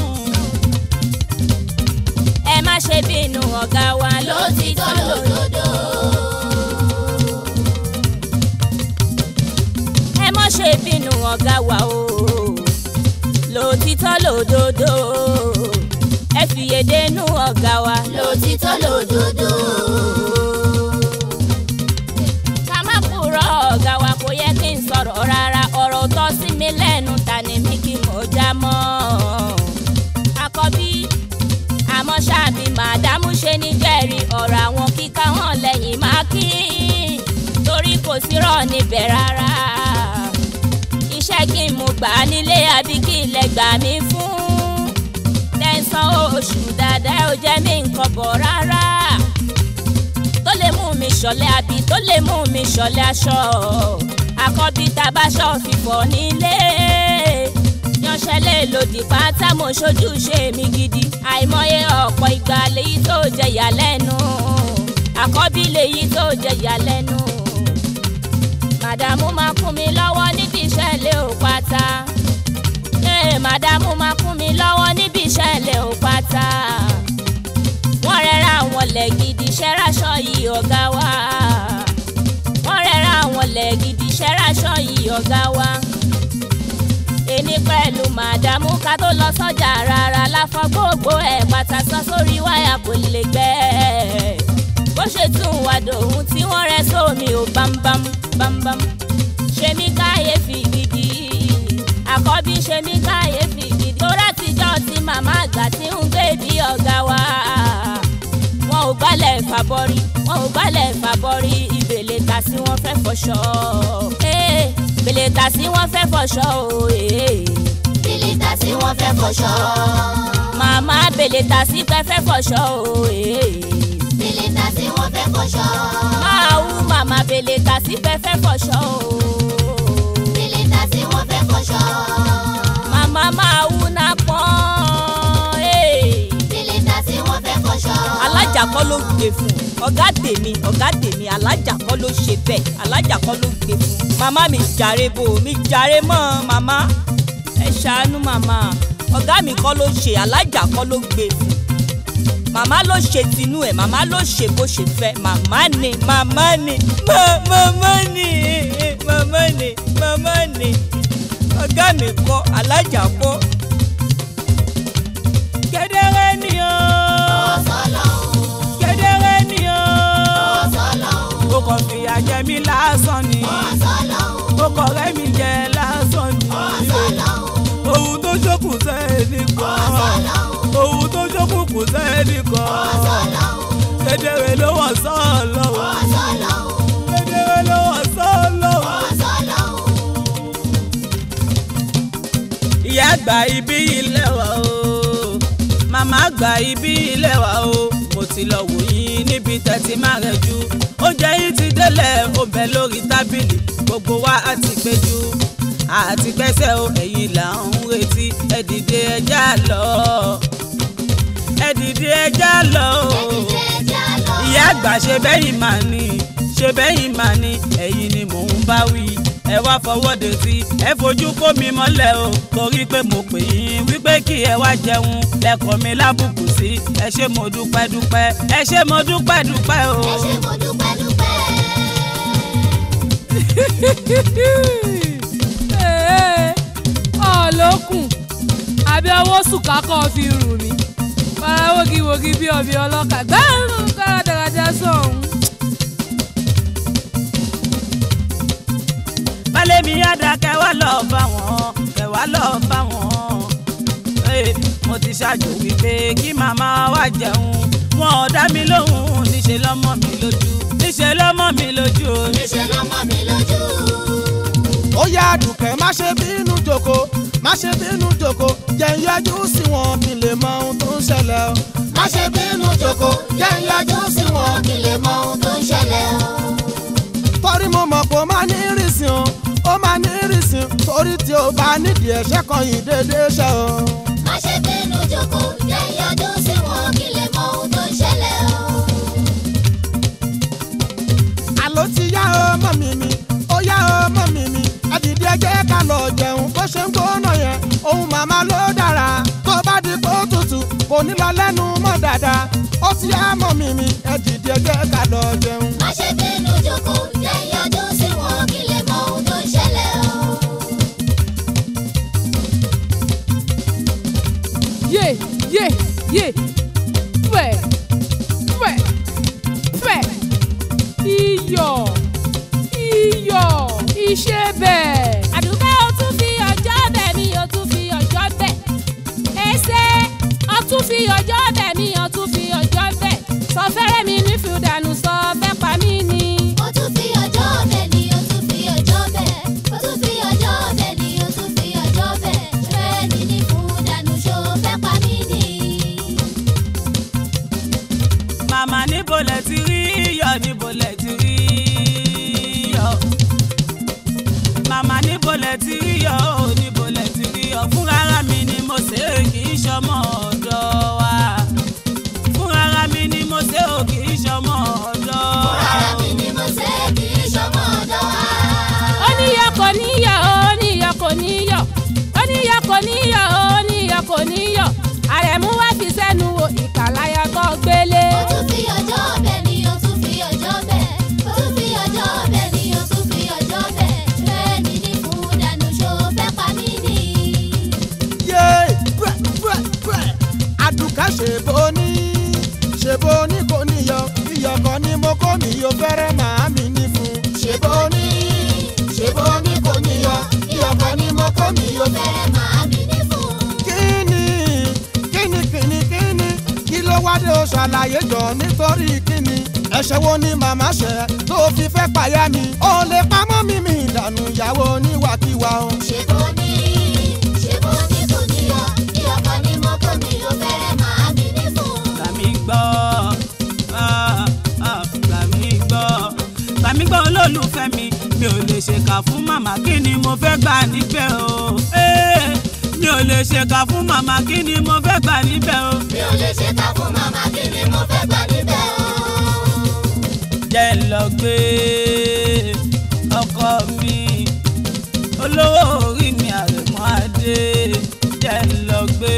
ẹ má ṣe bínú ọ̀gá wa lótìtọ́ lódodo. ẹ má ṣe bínú ọ̀gá wa o lótìtọ́ lódodo ẹ fìyèdè nú ọ̀gá wa lótìtọ́ lódodo. sọ̀rọ̀ rárá ọ̀rọ̀ tọ́ sí mi lẹ́nu ta ni mi kí mo já mọ́. àkọ́bí àmọ́ ṣáàbì màdámù ṣe ní jẹ́rì ọ̀rọ̀ àwọn kíkà hàn lẹ́yìn máa kí torí kò sí rọ̀ níbẹ̀ rárá. iṣẹ́ kí n mú gbà nílé àbí kí ilẹ̀ gbà mí fún. tẹ̀sán oṣù dáadáa ò jẹ́ mi nǹkan bọ̀ rárá tó lè mú mi ṣọ̀lẹ àbí tó lè mú mi ṣọ̀lẹ aṣọ àkọ́bí tabaṣọ fífọ́ nílé yanṣẹ́lẹ̀ lòdì pátá mo ṣojúṣe mi gidi àìmọye ọ̀pọ̀ ìgbà lèyí tó jẹyà lẹ́nu àkọ́bí lèyí tó jẹyà lẹ́nu màdàmú máa kún mi lọ́wọ́ níbi ìṣẹ̀lẹ̀ ò pátá ee màdàmú máa kún mi lọ́wọ́ níbi ìṣẹ̀lẹ̀ ò wọ́n rẹ́ra wọn lẹ̀ gidi ṣẹ́ráṣọ yìí ọ̀gá wa. ọ̀gá wa. èmi pẹ̀lú màdàmú ká tó lọ sọ́jà rárá láfọ gbogbo ẹ̀ pátá sọ sórí wáyà kò lè gbẹ́ ẹ̀. bó ṣe tún wà dòun tí wọ́n rẹ́ sómi ò bámbám bámbám. ṣe mí káyéfì gidi àkọ́bí ṣe mí káyéfì gidi. tó rátijọ́ tí màmá àgbà ti ń gbé bí ọ̀gá wa wọn ò gbálẹ̀ fàbọ̀rí wọn ò gbálẹ̀ fàbọ̀rí ìbèlè ta sí wọn fẹ́ fọṣọ bèlètà sí wọ́n fẹ́ fọṣọ o. bèlètà sí wọ́n fẹ́ fọṣọ. màmá bèlètà sí pẹ́ fẹ́ fọṣọ o. bèlètà sí wọ́n fẹ́ fọṣọ. máa wú màmá bèlètà sí pẹ́ fẹ́ fọṣọ o. bèlètà sí wọ́n fẹ́ fọṣọ. màmá máa wú náà pọ́n alájà kọ́ ló gbé fún ọ̀gá tèmi ọ̀gá tèmi alájà kọ́ ló ṣe bẹ́ẹ̀ alájà ló gbé fún màmá mi jàre bò mi jàre mọ́ màmá ẹ ṣàánú màmá ọ̀gá mi kọ́ ló ṣe alájà kọ́ ló gbé fún màmá ló ṣe tinú ẹ̀ màmá ló ṣe bó ṣe fẹ́ màmá ni màmá ni màmá ni màmá ni màmá ni ọ̀gá mi kọ́ alájà kọ́ gẹ́dẹ́rẹ́ ni ó. mi lásán ni ó kọ̀rẹ́ mi jẹ lásán ni ohun tó jókòó sẹ́ẹ̀lì kan ohun tó jókòó kù sẹ́ẹ̀lì kan kedere ló wọ̀ sọ́ọ̀lọ́ kedere ló wọ̀ sọ́ọ̀lọ́. ìyá àgbà ibi ilé wa o màmá àgbà ibi ilé wa o mo ti lọ wòye níbi tẹ̀tí máa rẹ̀ jù oúnjẹ yìí ti délẹ̀ ọbẹ̀ lórí tábìlì gbogbo wa á ti péjú àti pẹ́sẹ́ o ẹ̀yin là ń retí ẹ dìde ẹ já lọ ẹ dìde ẹ já lọ ìyá àgbà ṣe bẹ́yìn mà ní ṣe bẹ́yìn mà ní ẹ̀yin ni mò ń bá wí ẹ wá fọwọ́ de sí ẹ fojú kó mi mọ́lẹ̀ o torí pé mo pè yín wípé kí ẹ wá jẹun lẹ́kọ̀ọ́ mi lábùkù sí ẹ ṣé mo dúpẹ́ dúpẹ́ ẹ ṣé mo dúpẹ́ dúpẹ́ o. ẹ ṣé mo dúpẹ́ dúpẹ́. ọ̀lọ́kùn àbí ọwọ́ sùkà kọ́ fi rù mí farawógi wogi bí ọbẹ̀ ọlọ́kà gbẹ́rù káradáradá sọ̀hún. wálé mi wa kẹwàá lọ bá wọn kẹwàá lọ bá wọn. mo ti ṣáájú wípé kí màmá wa jẹun wọn ò dá mi lóhùn níṣẹ́ lọ́mọ mi lójú níṣẹ́ lọ́mọ mi lójú. níṣẹ́ lọ́mọ mi lójú. ó yá dùkẹ́ má ṣe bínú jòkó má ṣe bínú jòkó jẹ́ ń yọjú sí wọn kí lè mọ ohun tó ń ṣẹlẹ̀ o. má ṣe bínú jòkó jẹ́ ń sí wọn kí lè mọ ohun tó ń ṣẹlẹ̀ o torí mo mọ̀ kó má ní ìrìsìn o ó má ní ìrìsìn torí tí o bá nídìí ẹ̀ṣẹ̀ kan yìí déédéé ṣe o. má ṣe bínú jókòó lẹ́yìn ọdún sí wọn kí lè mọ ohun tó ń ṣẹlẹ̀ o. àló ti yá o mọ̀ mi mi ó yá o mọ̀ mi mi àdìdí ẹgbẹ́ ká lọ jẹun bó ṣe ń gbóná yẹn òun màmá ló dára tó bá di kó tutù kò ní lọ lẹ́nu mọ́ dáadáa ó sì á mọ̀ mí mi ẹ dìde ẹgbẹ́ ká lọ jẹun. má ṣe bínú jòkó lẹ́yìn ọdún sí wọn kí lè mọ ohun tó ń ṣẹlẹ̀ o. yé yé yé. ṣàlàyé jọ nítorí kíni ẹ̀ṣẹ̀ wo ni màmá ṣẹ̀ tó fi fẹ́ pàyà mi ó lè pamọ́ mi mi ìdànù ìyàwó oníwàkiwà o. ṣé bó ní ṣé bó ní kò níyọ bí ọkọ ní mọ́tò mi ló fẹ́rẹ̀ màá mi ní fún. sàmì gbọ́ sàmì ah, ah, gbọ́ sàmì gbọ́ olólùfẹ́ mi mi ò lè ṣèkà fún màmá kí ni mo fẹ́ gbà nígbẹ́ o. Hey! Eh, ò lè ṣèkà fún màmá kí ni mo fẹ́ gbà níbẹ̀ o. mi ò lè ṣèkà fún màmá kí ni mo fẹ́ gbà níbẹ̀ o. jẹ́ lọ gbé ọkọ mi olówó orí mi àrẹ̀mọ́ adé jẹ́ lọ gbé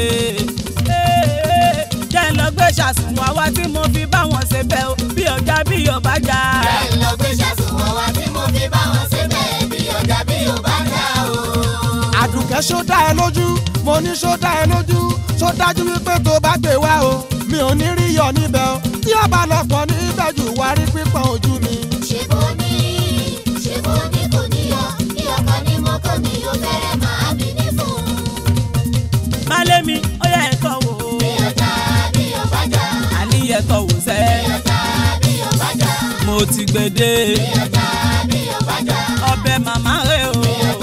jẹ́ lọ gbé ṣàsùnwọ̀n wá tí mo fi bá wọn ṣe bẹ́ẹ̀ o bí ọjà bí ọba jà. jẹ́ lọ gbé ṣàsùnwọ̀n wá tí mo fi bá wọn ṣe bẹ́ẹ̀ o. jẹ́ ṣó dá ẹ lójú mo ní ṣó dá ẹ lójú ṣó dájú wípé tó bá gbé wá o mi ò ní rí yọ níbẹ̀ o tí ó bá lọ pọ̀ níbẹ̀ jù wá rí pípọ̀n ojú mi. ṣé mo ní ṣé mo ní kò níyọ ní ọkọ ní mọ́kọ́ mi yóò fẹ́rẹ̀ máa bí ní fún. má lé mi ó yẹ ẹ̀tọ́ wò. bí ọjà bí ọbàjá. àní ẹ̀tọ́ wò sẹ́. bí ọjà bí ọbàjá. mo ti gbede. bí ọjà bí ọbàjá. ọbẹ̀ màmá rẹ̀ o. bí ọjà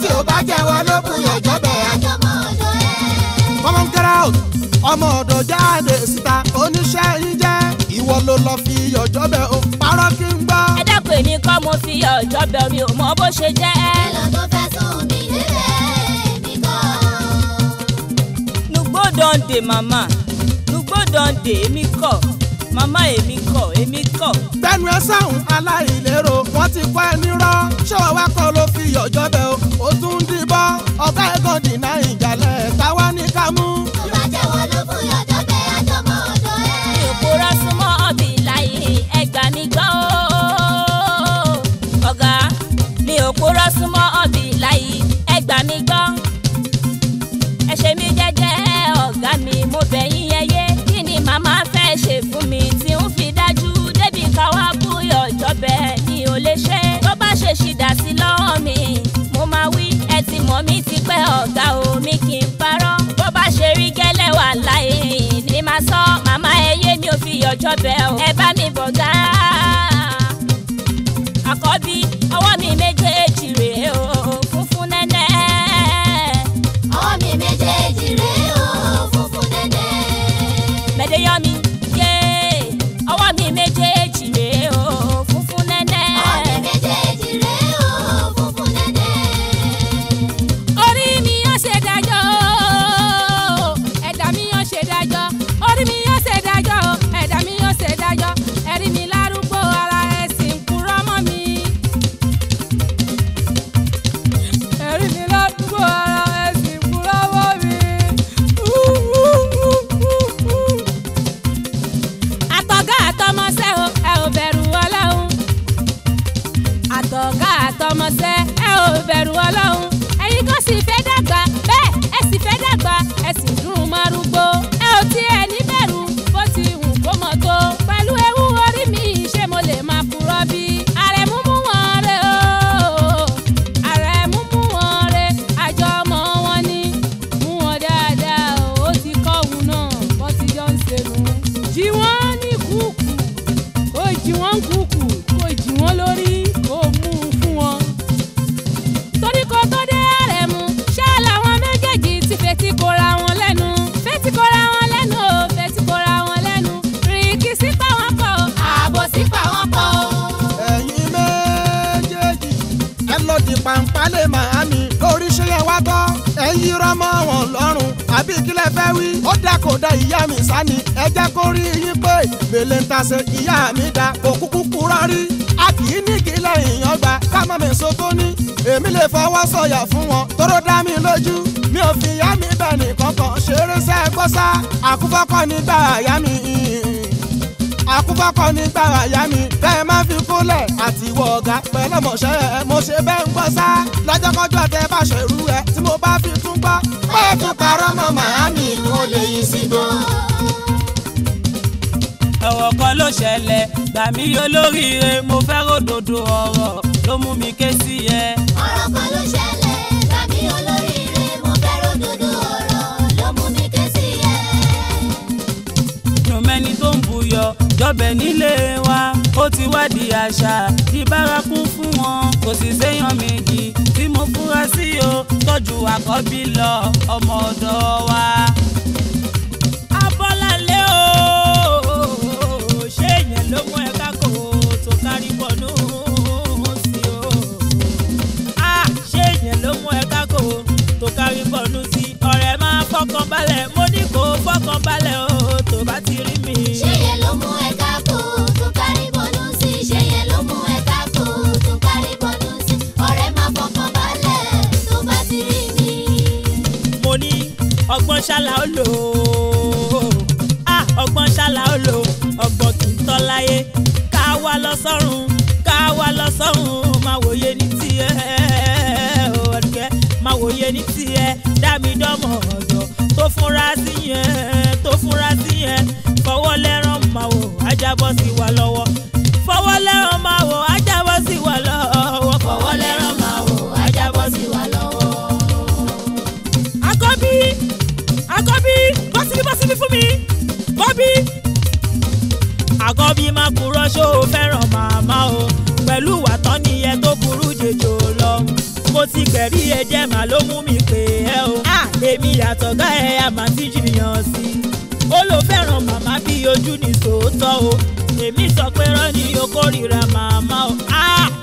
tí ò bá jẹ́wọ́ ló kù yọjọ́ bẹ́ẹ̀. ọmọ ń ọmọ ọ̀dọ̀ jáde síta oníṣẹ́ ń ìwọ ló lọ fi yọjọ́ bẹ́ẹ̀ o parọ́ kí n gbọ́. ẹ dákun èmi kọ́ mo fi yọjọ́ bẹ́ẹ̀ mi ò mọ bó ṣe jẹ́. ẹ lọ tó fẹ́ sùn mí nílẹ̀ mi kọ́. nùgbó dọ̀ǹdè màmá nùgbó dọ̀ǹdè èmi kọ́ màmá èmi kọ́ èmi kọ́. gbẹnu ẹ sáhùn aláìlérò wọn ti kọ ẹni rọ ṣé wàá kọ ló fi yọjọ bẹ o ọ̀gá ẹ̀kọ́ dìnnà ìjàlẹ̀ táwa ní ká mú. ìwà jẹ́wọ́ ló fún yọjọ́ bẹ́ẹ̀ àjọmọ́ ọ̀dọ́ ẹ̀. ìkúrọ̀ súnmọ́ ọ̀bì láyé ẹgbà mi gbọ́ o. ọ̀gá mi ò kúrọ̀ súnmọ́ ọ̀bì láyé ẹgbà mi gbọ́. ẹ mi jẹ́jẹ́ ọ̀gá mi mo bẹ̀ yín yẹyẹ kí ni màmá fẹ́ ṣe fún mi tí ń fi dájú débìí káwá bú yọjọ́ bẹ́ẹ̀ mi ò lè ṣe tó bá ṣèṣì dà lọ́wọ́ mi ti mọ̀ mí ti pẹ́ ọ̀gá omi kì í parọ́ bó bá ṣe rí gẹ́lẹ́ wà láì ní máa sọ màmá ẹ yé mi ò fi ọjọ́ bẹ́ o ẹ bá mi bọ̀ gá. àkọ́bí ọwọ́ mi méjèèjì rèé o funfun nẹ́nẹ́. ọwọ́ mi méjèèjì rèé o mi méjèèjì. dádì kí lẹ fẹ́ wí. ó dà kó dá ìyá mi sani ẹ jẹ́ kó rí yín pé gbèlè ń tasẹ̀ ìyá mi dá kò kúkú kúrọ́ rí. a kì í ní kí lẹ́yìn ọgbà ká má mi sọ́kó ní. èmi lè fọwọ́ sọ̀yà fún wọn tóró dá mi lójú. mi ò fi ìyá mi bẹ̀ nìkan kan ṣeré sẹ́ẹ̀ gbọ́sá àkúfọ́kọ́ nígbà ìyá mi àkúbọ́kọ ní gbàrà yá mi bẹ́ẹ̀ má fi kúlẹ̀ àti ìwọ ọ̀gá pẹ̀lú ọmọọṣẹ́ rẹ̀ mo ṣe bẹ́ẹ̀ ń gbọ́ sá lọ́jọ́kọ́jọ́ tẹ bá ṣe irú rẹ̀ tí mo bá fi tún gbọ́. má fi parọ́ mọ́ màámi mo lè yí sí gbọ́. ọ̀rọ̀ kan ló ṣẹlẹ̀ gbàmí olóríire mo fẹ́ ròdòdò ọ̀rọ̀ ló mú mi ké sí ẹ. ọ̀rọ̀ kan ló ṣẹlẹ̀. jọbẹ̀ nílé wa ó ti wá di àṣà tí bárakú fún wọn kò sì séèyàn méjì tí mo fura sí o tọ́jú àkọ́bí lọ ọmọ ọ̀dọ́ wa. abọ́lálé o ṣé èèyàn ló mú ẹ kákò tó kárí bọ́nú sí o ah, ṣé èèyàn ló mú ẹ kákò tó kárí bọ́nú fọkàn balẹ̀ mo ní kó fọkàn balẹ̀ o tó bá ti rí mi. ṣé yẹn ló mú ẹ káko tó kárí bọ́lú sí ṣé yẹn ló mú ẹ káko tó kárí bọ́lú sí ọ̀rẹ́ má fọkàn balẹ̀ tó bá ti rí mi. mo ní ọgbọ́n ṣálá ó lò ó ah, ọgbọ́n ṣálá ó lò ọgbọ́n kì í tọ́ láyé ká wá lọ sọ́run ká wá lọ sọ́run máa wòye ní tiẹ̀ máa wòye ní tiẹ̀ dá mi dánmọ̀ ọ̀yọ́ tó fúnra sí yẹn tó fúnra sí yẹn fọwọ́ lẹ́rán máa wò ajábọ̀ sí wa lọ́wọ́ fọwọ́ lẹ́rán máa wò ajábọ̀ sí wa lọ́wọ́ fọwọ́ lẹ́rán máa wò ajábọ̀ sí wa lọ́wọ́. àkọ́bí àkọ́bí bọ́sibí bọ́sibí fún mi bọ́bí. àkọ́bí máa kúrọ́ ṣó o fẹ́ràn màmá o pẹ̀lú ìwà nìyẹn tó burú jẹjọ́ ti gbẹ̀rí ẹ̀jẹ̀ mà ló mú mi pè ẹ́ o. èmi àtọ̀gá ẹ̀ àmà ti jìyàn sí i. ó ló fẹ́ràn màmá bí ojú ní sòótọ́ o. èmi sọ pé rán ni o kórìíra màmá o.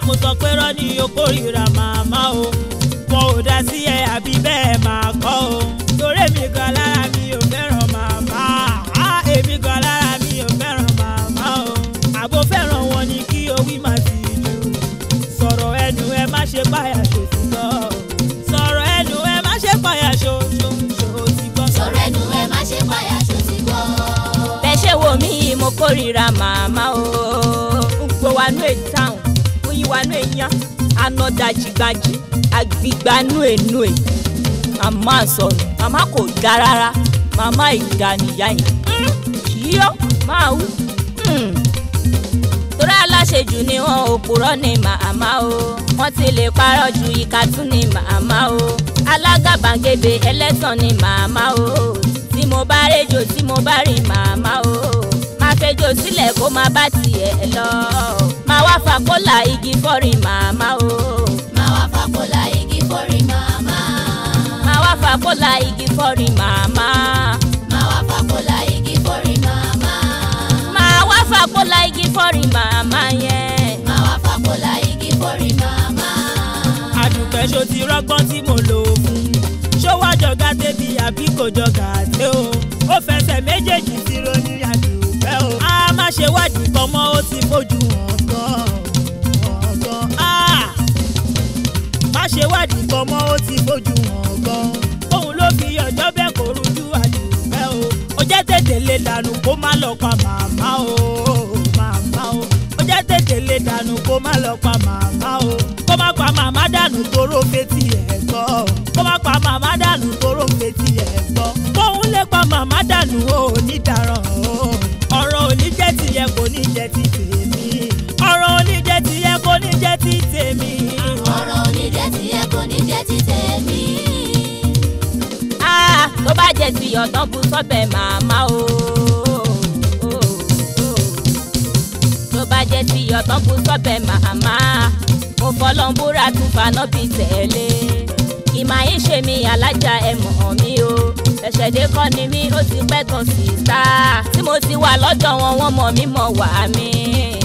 mo sọ pé rán ni màmá o. wọn ò dá sí ẹ àbí bẹ́ẹ̀ máa kọ́ o. torí mi gan lára mi ò fẹ́ràn màmá. èmi gan lára mi ò fẹ́ràn màmá o. àbò fẹ́ràn wọn ni kí o wí màá sì jù. sọ̀rọ̀ ẹnu ẹ má ṣe báyà ṣòfò. kórìíra màmá o ugbo wa nú e town oyin wa nú e yan anọdajigbaji agbigbanú e nú e màmá sọ̀rọ̀ màmá kò ga rárá màmá ìgbà nìyá yìí yíyọ máa wú torí aláṣejù ni wọn òpùrọ́ ni màmá o wọn ti lè parọ́ ju ìka tún ni màmá o alágàbàgebè ẹlẹ́tàn ni màmá o tí mo bá rédíò tí mo bá rí màmá o fẹjọ sílẹ̀ kó má bá tiẹ̀ lọ. máa wá fàkólà igi fọ́rin màmá o. máa wá fàkólà igi fọ́rin màmá. máa wá fàkólà igi fọ́rin màmá. máa wá fàkólà igi fọ́rin màmá. máa wá fàkólà igi fọ́rin màmá yẹn. máa wá fàkólà igi fọ́rin màmá. àdùpẹ́ ṣo ti rọ́gbọ́n tí mo lò ó fún ṣó wá jọ̀gá débi àbí kò jọ̀gá àti o ó fẹsẹ̀ méjèèjì ti ronú ṣe wádìí kan mọ́ ó ti fojú hàn sọ hàn sọ ah! má ṣe wádìí kan mọ́ ó ti fojú hàn gan òun ló fi ọjọ́ bẹ́ẹ̀ kó rújú àdìsẹ́ o ó jẹ́ tètè lè dànù kó má lọ pa màmá o màmá o ó jẹ́ tètè lè dànù kó má lọ pa màmá o kó má pa màmá dànù toró fetí ẹ̀ gbọ́ kó má pa màmá dànù toró fetí ẹ̀ gbọ́ kóun lè pa màmá dànù o ò ní dàrán. ti tèmi. Ah, tó bá jẹ sí ọ̀tán bu sọ́bẹ̀ màmá o. tó bá jẹ sí ọ̀tán bu sọ́bẹ̀ màmá mo fọlọ́n búra tún faná bíi tẹ̀lé ìmọ̀ yín ṣe mi alájà ẹ mọ̀ mí o ẹ̀ṣẹ̀dé kọ́ ni mí ó ti pẹ́ tán sí sá tí mo ti wà lọ́dọ̀ wọn wọ́n mọ̀ mí mọ̀ wá mi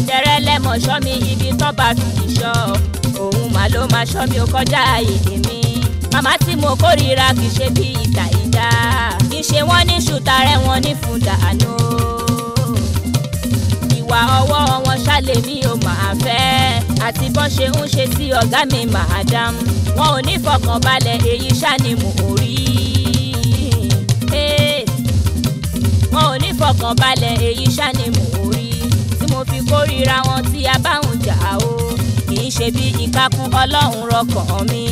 jẹrẹ lẹ́mọ̀ṣọ́ mi ibi tó bá fi ṣọ́ òun mà ló máa ṣọ́ mi ó kọjá èdè mi màmá tí mo kórìíra kì í ṣe bí ìta ìdá kì í ṣe wọ́n ní ṣùtà rẹ̀ wọ́n ní fún dànù ìwà ọwọ́ wọn ṣàlẹ̀ mi ò máa fẹ́ àti bọ́n ṣe ń ṣe sí ọ̀gá mi màdám wọn ò ní fọkànbalẹ̀ èyí ṣáni mò ń rí wọn ò ní fọkànbalẹ̀ èyí ṣáni mò ń rí tí mo fi kórìíra wọn tí a bá ń jà o kì í ṣe bí ìkákun ọlọ́run rọkàn mi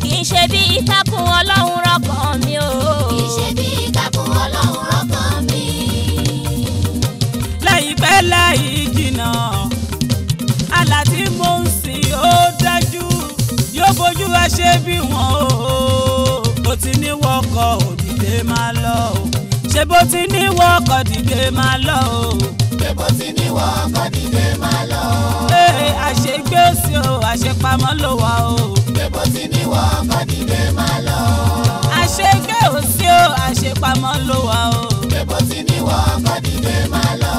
kì í ṣe bí ìkákun ọlọ́run rọkàn mi o. kì í ṣe bí ìkákun ọlọ́run rọkàn mi. lẹ́yìn pẹ́ láì jìnnà àlá tí mo ń sìn ó dájú yóò fojú wá ṣe bí wọn o ó ti ní wọkọ̀ òdìdé máa lọ o ṣé bó ti ní wọkọ̀ òdìdé máa lọ o kò sí níwọ̀ ọkọ̀ dìde máa lọ. ee àṣegbé òsì o àṣepamọ́ ló wà o. kò sí níwọ̀ ọkọ̀ dìde máa lọ. àṣegbé òsì o àṣepamọ́ ló wà o. kò sí níwọ̀ ọkọ̀ dìde máa lọ.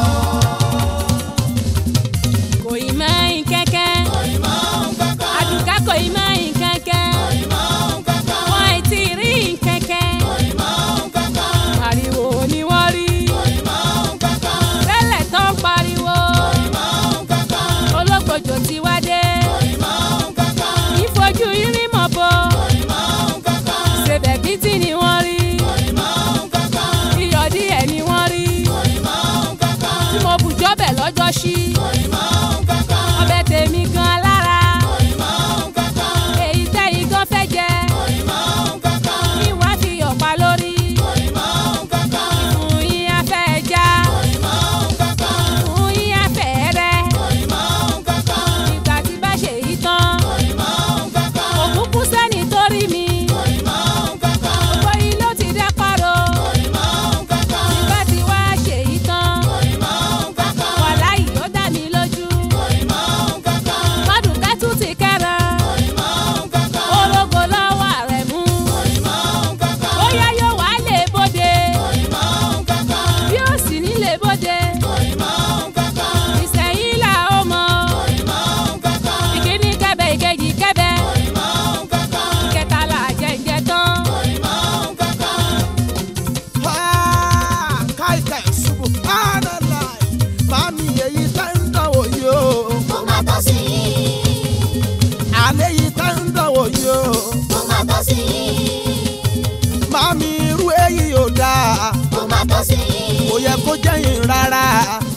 kẹ́yìn rárá.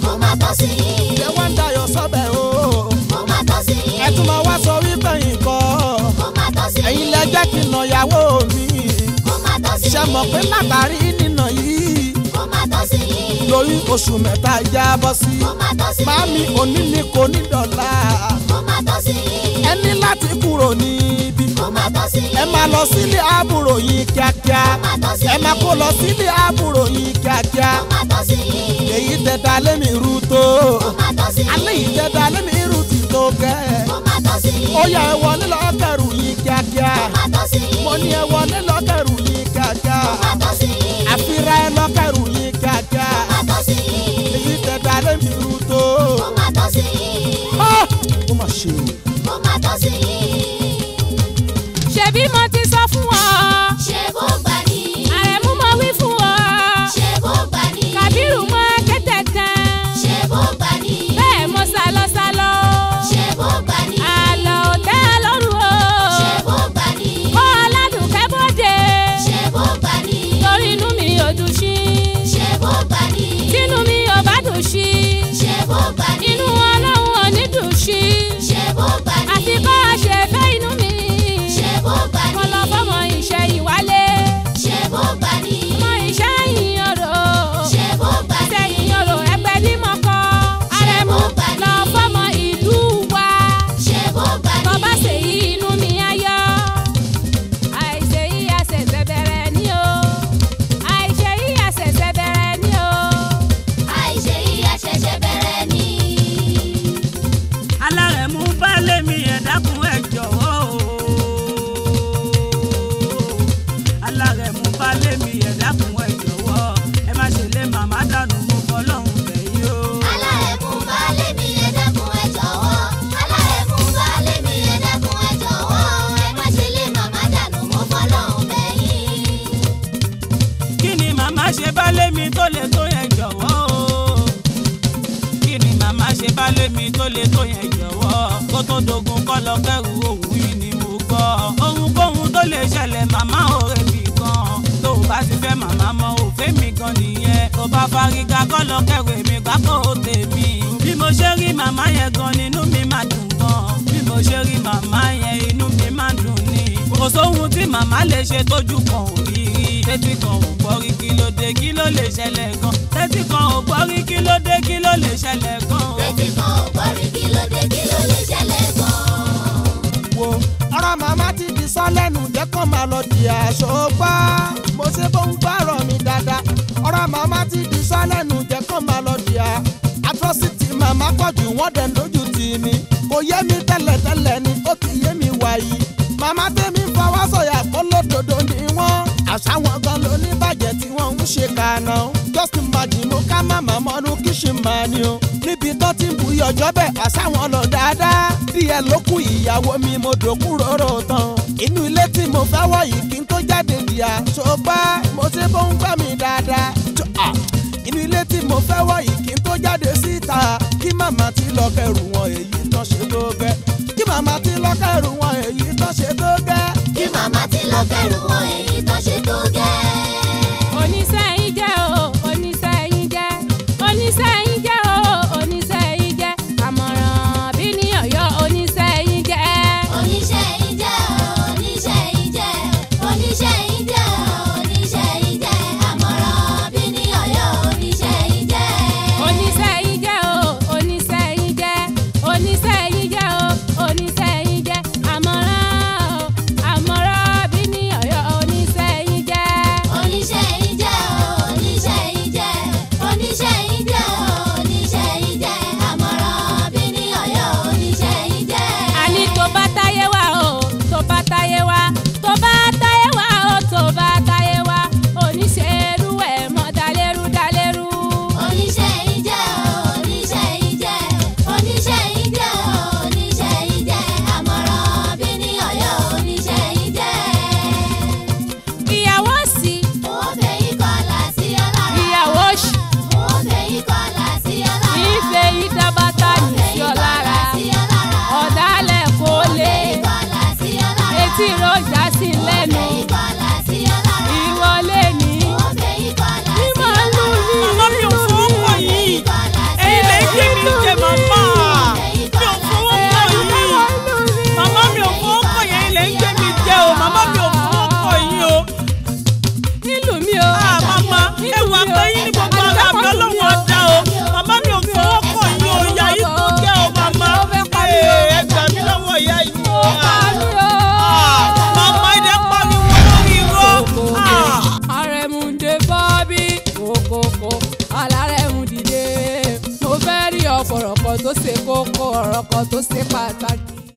mo máa tọ́ sí i. ṣé wọ́n ń dayọ̀ sọ́bẹ̀ o. mo máa tọ́ sí i. ẹ tún máa wá sọ wípé nǹkan. mo máa tọ́ sí i. ẹ̀yin lẹ jẹ́ kí n nà ìyàwó mi. mo máa tọ́ sí i. ṣe mọ̀ pé látàrí nínú tó sí i. lórí oṣù mẹ́ta já bọ́ sí i. ó máa tó sí i. màámi òní ni kò ní dọ̀la. ó máa tó sí i. ẹ ní láti kúrò níbí. ó máa tó sí i. ẹ máa lọ sílé àbúrò yín kíákíá. ó máa tó sí i. ẹ máa kó lọ sílé àbúrò yín kíákíá. ó máa tó sí i. èyí tẹ̀dá lẹ́mi rú tó. ó máa tó alẹ́ yìí tẹ̀dá lẹ́mi rú ti tó kẹ́. ó máa tó ó yá ẹ wọlé yín kíákíá. ó máa tó ṣe o. mo máa tọ́ sí i. ṣebí mo ti sọ fún ọ. ṣé bó gbà ní. àrẹ̀mú mo wí fún ọ. ṣé bó gbà ní. kàbírù mọ kẹ́tẹ̀ tán. ṣé bó gbà ní. bẹ́ẹ̀ mo sá lọ sá lọ. ṣé bó gbà ní. àlọ́ ò lọ́rùn o. ṣé bó gbà ní. kó aládùn bọ́dé. ṣé bó gbà ní. torí inú mi ò dùn sí. ṣé bó gbà ní. tínú mi ò bá dùn sí. ṣé bó gbà ní. inú ọlọ́ ṣe tójú kan ò rí rí tẹ́tí kan ò gbọ́ rí kí ló dé kí ló lè ṣẹlẹ̀ gan tẹ́tí kan ò gbọ́ kí ló dé kí ló lè ṣẹlẹ̀ gan. tẹ́tí kan ò gbọ́ kí ló dé kí ló lè ṣẹlẹ̀ gan. wo ọ̀rọ̀ màmá ti di sọ́lẹ́nu jẹ́ kó máa lọ di aṣọ gbá mo ṣe bó ń gbọ́rọ̀ mi dáadáa ọ̀rọ̀ màmá ti di sọ́lẹ́nu jẹ́ kó máa lọ di a atrocity màmá pọ̀jù wọ́n dẹ̀ lójú tì mí kò yé mi tẹ́lẹ̀tẹ́lẹ̀ ni ó ti yé mi wáyé màmá tẹ́ àṣàwọn gan ló ní bàjẹ́ tí wọ́n ń ṣe kàná just imagine mo ká màmá mọ́nú kíṣìn máa ní o níbi tó ti ń bu iyọ̀jọ́ bẹ̀ àṣàwọn lọ dáadáa díẹ̀ ló kù ìyàwó mi mo dòkú róró tán inú ilé tí mo fẹ́ wọ̀ kí n tó jáde dìá tó bá mo ṣe bó ń gbà mí dáadáa ah! inú ilé tí mo fẹ́ wọ̀ kí n tó jáde síta kí màmá ti lọ kẹrù wọn èyí tán ṣe tó gẹ́ màmá ti lọ kẹrù wọn èyí tán ṣe tó gẹ́ kí màmá ti lọ kẹrù wọn èyí.